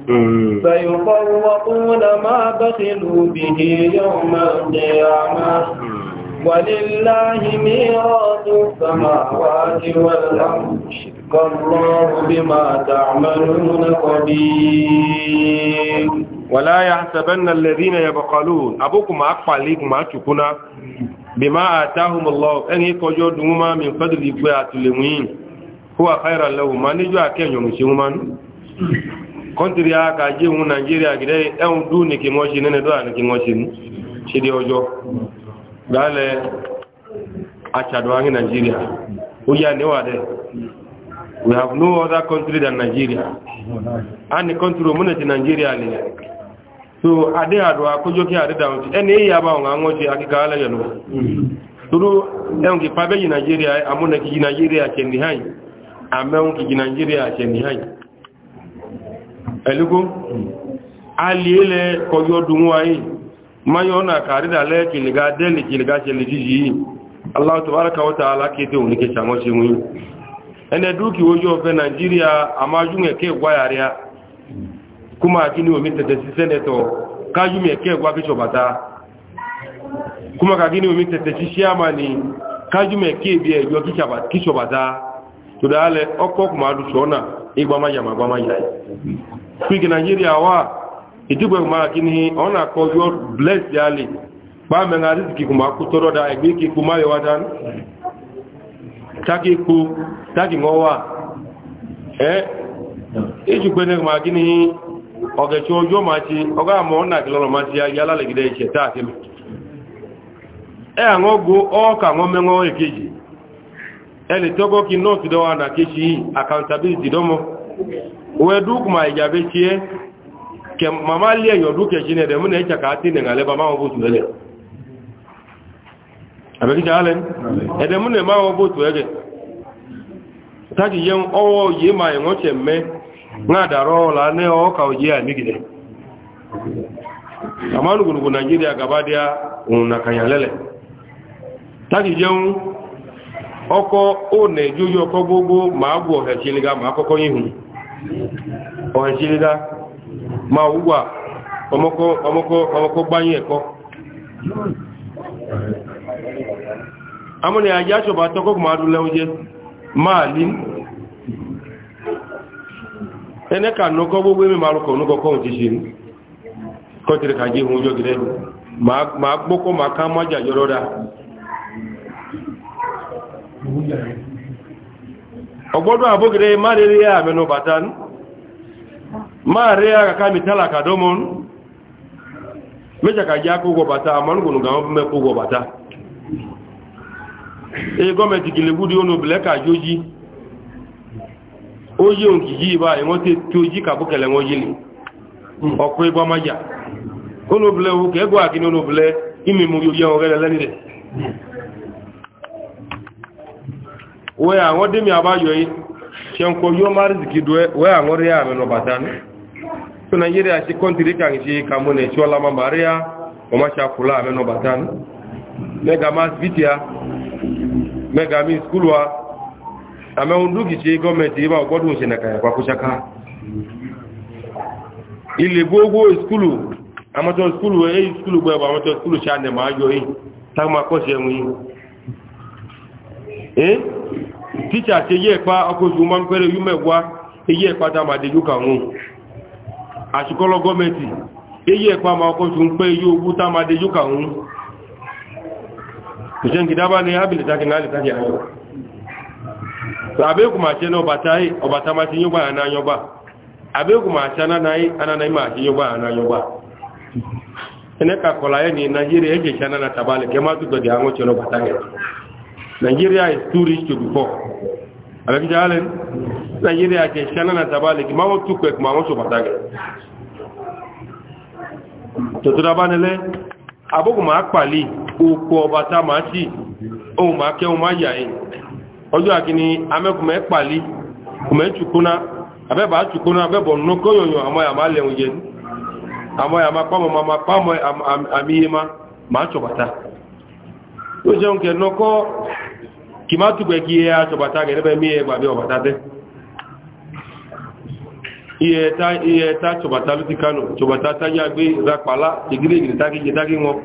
B: فيطوقون ما بخلوا به يوم القيامة ولله ميراث السماوات
A: والأرض والله بما تعملون خبير ولا يحسبن الذين يبقلون أبوكم أقفى ما تكون بما آتاهم الله أن يكوجوا دوما من فضل يبقى تلمين هو خير لهم ما نجوا كن يمشيهم kọ́ntìrì àkàjẹ́ òun nàìjíríà gidẹ́ ẹ̀hùn dúnìkì mọ́ṣin nínú ẹ̀dọ́ àníkì mọ́ṣin ṣe di ọjọ́ gbalẹ̀ achadọ̀wáyé nigeria ó yà níwà dẹ̀ we have no other country than nigeria Any country country omuneti nigeria lè so adé àdọ̀ akójọ́ kí àdé dáhùn tí ẹni èyí àbá àwọn àwọn ọjọ́ akíkà alẹ́yẹ̀ lọ tóró ẹ̀hùn kì pàbẹ́yì nigeria amúnẹ̀kìjì nigeria kẹndìháì àmẹ́hùn nigeria kẹndìháì ẹ̀lúkó alìẹ́lẹ̀ kọjọ́ dùn wáyé mayo na kari da le kiliga deli kiliga chele jiji allah tabaraka wa taala kete oni ke chango chimu ene duki wojo fe nigeria amajunge ke gwayaria kuma akini omi tete si senator kayumi ke gwa bicho bata kuma kagini omi tete si chairman kayumi ke bi ejo kichaba kichobata to dale okko kuma du chona igba maya magba maya kwiki nigeria wa ìdígbò máa kí ní ọ̀nà kọ yóò bless ya lè pàmẹ́ na rízikì kùmà kú tọ́rọ da ẹgbẹ́ kí kú máa yọwá dánú tákì kú tákì wọ́n wà ẹ́ ìjùgbẹ́ ní máa kí ní ọ̀gẹ̀tí ọjọ́ máa ti ọgá àmọ́ ọ̀nà accountability dọ́mọ́ òwe dúkùmà ìjàbẹ́ tiẹ́ ke mama lie yodu ke jine de mun echa ka ti ne ngale ba ma obu tuele abe ki jalen e de ta ji yen owo ye ma en o che me na daro la ne o ka o ye ani gide gunu gaba dia una kanyalele ta ji yen ọkọ ọkọ gbogbo ma gbọ́ ọ̀hẹ̀ṣílígá ma akọ́kọ́ yíhun ma wúwà ọmọkọ gbanye ẹ̀kọ́ amúni àjá ṣọ̀bà tọ́kọ́ ma dún lẹ́wọ́ jẹ́ máa lí ẹnẹ́kà nọ́kọ́ gbogbo èmì máa rọkọ̀ nọ́kọ́ kọ́ ti ṣe ní kọ́tìrì kàjí ohun ọjọ́ gẹ́rẹ́ ma gbọ́kọ́ ma ká mọ́jà yọ́rọ́dá ọgbọ́dọ̀ àbógẹ́rẹ́ má rẹ̀ rí àmẹ́nu bàtánú ma re aga ka mi talaka domon meja ka ja ko bata amon gunu ga me ko bata e gomenti kile budi ono bleka joji oye on kiji ba e won te toji ka bu kele won yili opo igba maja ono ble o ke gwa kini ono ble imi mu yo yo gele leni de we awon demi yi e, se nko yo marziki do we awon re ame no bata ni so nigeria ti kɔntiri kan si kamo ne tsyɔ lama maria o ma tsa kula a mɛnɔ batan mɛga ma vitia mɛga mi ame undu du kisi gɔmɛnti ma o gbɔdu o sɛnɛ kan kpa kusaka ile gbogbo sukulu amatɔ sukulu eyi sukulu gbɛ bɔ amatɔ sukulu tsa nɛma ayɔ yi takuma kɔsi ɛmu yi ee titsa ti yɛ kpa ɔkò zu ma nkpɛrɛ yu mɛ wa eyi yɛ kpa ta ma de yu kan ŋu àṣìkọ́lọ́ gọ́mẹ̀tì èyí ẹ̀pá ma ọkọ̀ tún pé yóò wú tá máa dé yóò kà ń kò ṣe ń gidá bá ní ábìlì tàkì náà lè tàkì àyọ̀ àbẹ́kù máa ṣe náà ọbàtá máa ṣe yóò gbà àná yọgbà àbẹ́kù máa ṣe anánáyí anánáyí máa ṣe yóò gbà àná yọgbà ẹnẹ́kà kọ̀lá yẹ́ ni nàìjíríà ẹ̀jẹ̀ ṣe anáná tàbálẹ̀ kẹ́ máa túgbọ̀ dẹ̀ àwọn ṣẹlọ bàtá yẹn nàìjíríà is too rich to be poor àbẹ́kì na kẹ ṣẹ́nà náà na kì máa wọ́n tó pẹ̀kù máa wọ́n sọ pàtàkì tòtò dábánilẹ́ àbúkù máa pàlì òkú ọba tá máa sí ohun máa kẹ́ ohun máa yà ẹ̀ ọjọ́ àkíní amẹ́kùnmẹ́ pàlì kùmẹ́ tukúná abẹ́bà tukúná abẹ́bọ̀ nínú kóyòyò àmọ́ àmà lẹ́hùn jẹ àmọ́ àmà pàmọ́ àmà pàmọ́ àmì yé má máa sọ pàtà tó jẹun iye ta tubata lo ti kano tubata ta ya gbe rapala igiri igiri ta kije ta kinwo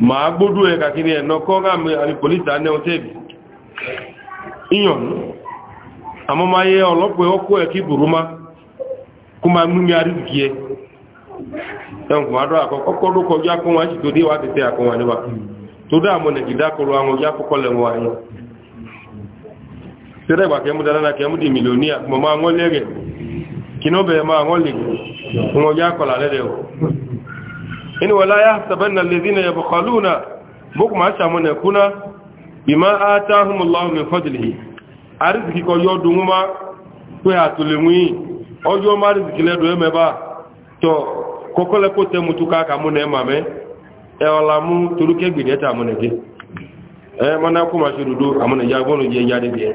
A: ma gbodu e kakiri eno koga mi ari police ta ne o tebi iyon amo ma ye olopo oko e ki buruma kuma mu mi ari dikie don ko adu akoko ko do ko ja ko wa ti todi wa ti te akon wa ni wa to da mo ne gida ko ro awon ja ko ko le wa ni sire ba ke mu dara na ke mu di milionia mo ma ngole ge kinobe ma ngoligu ngoja ko la leo in wala yahsabanna alladhina yabkhaluna bukma cha mun kuna bima atahum allah min fadlihi arziki ko yodunguma ko ya tulimwi ojo marziki le do meba to kokole ko te mutuka ka ka mun ma mame e wala mu tuluke gbede ta mun e mana kuma shududu amuna jagonu je jade biye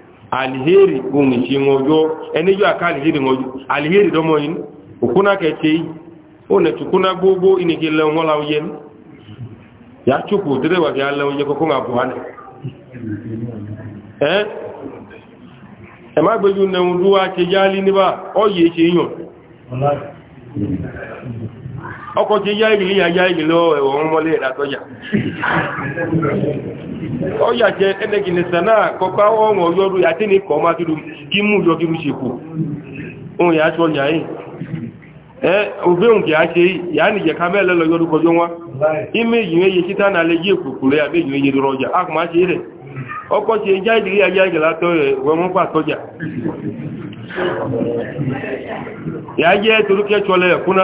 A: aliheri ohun ti ngojo enijo aka aliheri ngojo aliheri domo yin okuna kete o ne tukuna gbogbo inike le won la oyen ya chupu dire wa ya le oyen kokon abu hane eh e ma gbeju ne un duwa ke jali ni ba oye se yon ọkọ̀ tí yá ìrìlẹ̀ yá ìrìlẹ̀ ẹ̀wọ̀n mọ́lẹ̀ ìdàtọ́jà ọjà jẹ́ ẹnẹ́gìnẹsà náà kọpa ọmọ yọrù àti ní kọ máa kírù kí mú yọ kírù ṣèkù ohun yà aṣọ yà yìí ẹ òfin kì á ṣe yà ní ìjẹ̀ká mẹ́lẹ̀ lọ yọrù kọjọ wọn ime ìyìn eye síta náà lè yí èkùkù rẹ̀ àbí ìyìn eye lọ́rọ̀ ọjà a kò máa ṣe rẹ̀ ọkọ̀ ṣe já ìdílé ayé àjẹ́ látọ̀ rẹ̀ wọ́n mú pàtọ́jà yà á jẹ́ torókẹ́ ṣọlẹ̀ ẹ̀kúná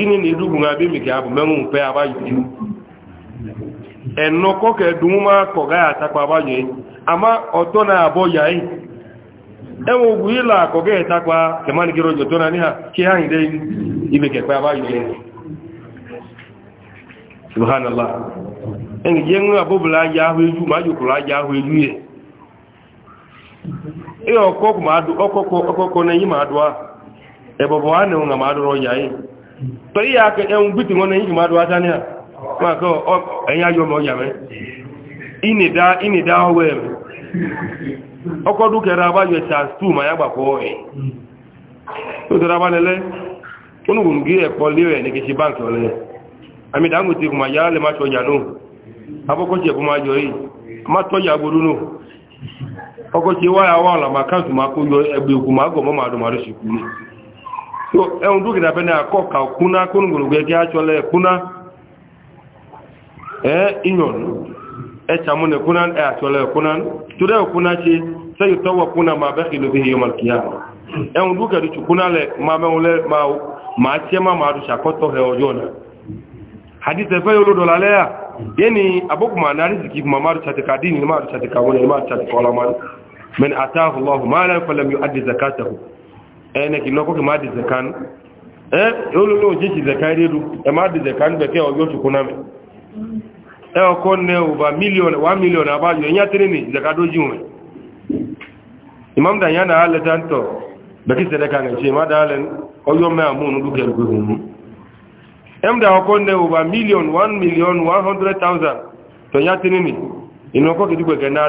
A: ini ni dugu na bi mi ki abu mengu pe aba yu eno ko ke duma ko ata ama na abọ ya yi ewo gu ila ko ga eta pa ke na ha ki ha inde ibe ke pa aba yu ni subhanallah ya ju ma ju ya hu ye ma du okoko na yi ma ẹ̀bọ̀bọ̀ wá nìhun àmà àdúrà ọjà yìí tó yíya ẹ̀hùn gbìtì wọn ní ìjìmá àdúrà sáníà máa kọ́ ẹ̀yìn ọmọ ọjà mẹ́ ìnìdá ọwọ́ ẹ̀ ọkọ̀ dúkẹ̀rẹ́ abájọ ẹ̀ta stúù máa yàgbà kọ́ ẹ̀ tó tẹ́ra bá nílẹ̀ onígun gí yá lè má ṣọjà náà abọ́kọ́ṣe ẹ̀kọ́ yọ yìí má tọ́jà agbodó náà ọkọ̀ ṣe wáyà wà làmà kó yọ so ẹun dúkì kuna ní àkọ́kà kuna kónúgbòrògbé kí á ṣọlẹ̀ kuna, ẹ ìyọ̀n ẹ ṣàmúnẹ̀ kúnná ẹ àṣọlẹ̀ kúnná tó dẹ́ kúnná ṣe sẹ́yìn tọ́wọ́ kúnná máa bẹ́ kìlò bí yíyọ màkìyà ẹun dúkì dùkì kúnná lẹ máa mẹ́un lẹ máa tiẹ́ máa máa dùṣà kọ́tọ̀ ẹ ọjọ́ náà hadithe fẹ́ yóò dọ̀la lẹ́yà yẹ́ni abúkùnmá náà rí zikì máa dùṣà ti kàdí ni máa dùṣà ti kàwọn ni máa dùṣà ti kọ́ ẹni kìlọ́ kókè má dìzẹ̀ kánú ẹ olólo òjìjì zẹ̀ká ríru ẹ má dìzẹ̀ kánú bẹ̀kẹ́ ọjọ́ ṣùkú náà ẹ ọkọ́ nẹ ọba mílíọ̀nù wà mílíọ̀nù àbájọ ẹ̀yà tẹ́lẹ̀ ní zẹ̀ká wọn imam da yana halatta to baki sadaka ga ce ma da halan oyo mai amunu duka ya gugu million 1 million 100,000 to ya tinini ino ko ki duka ga na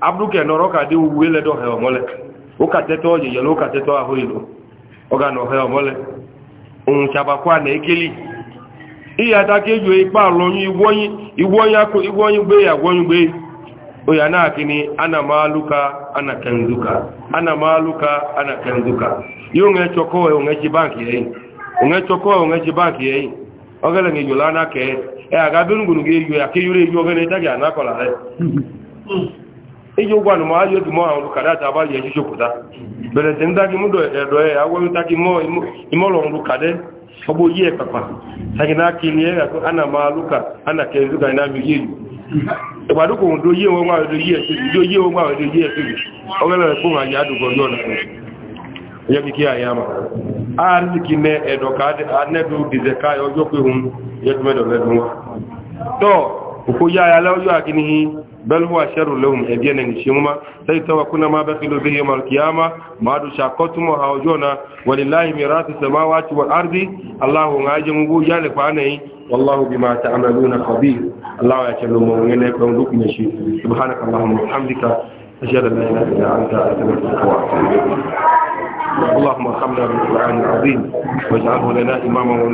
A: abdụke nọrọ ka dị ugwu eledo ha omole ụka teta oyi yelo ụka teta ahụ ilo ọga e na ọha omole nwụchabakwa na ekeli iyi ada ka ikpe alụ onye igwe onye akụ igwe onye gbe ya gwa gbe ana m alụka ana kenzuka ana m alụka ana kenzuka e, e, ya onwe chọkọ onwe ji bankị ya onwe chọkọ onwe ji bankị ya ogele ya ga iji ụgwa n ma a ji ahụ karịa aba ndị ero ya gị ime ụlọ nrụ kadị ọgbụ yi ekpakpa ta gị n'aka ihe ga ana m alụ ka a na kezi ka na abịa yi e onwe nwaanyị doyi e, do yi onwe nwaanyị doyi efebi onwe mere kpụ ha ji adụgo ndị ọna ya bi ma a riziki ne edo ka anedu dize ka ya ya nwa بل هو شر لهم اجينا نشيمما سيتا وكنا ما بخلوا به يوم القيامة ما دو شاكوتم وهاوجونا ولله ميراث السماوات والأرض الله ناجي مغو يالك فاني والله بما تعملون خبير الله يكلم من يكون لك نشي سبحانك اللهم وبحمدك أشهد أن لا إله إلا أنت أستغفرك وأتوب إليك اللهم ارحمنا بالقرآن
C: العظيم واجعله لنا إماما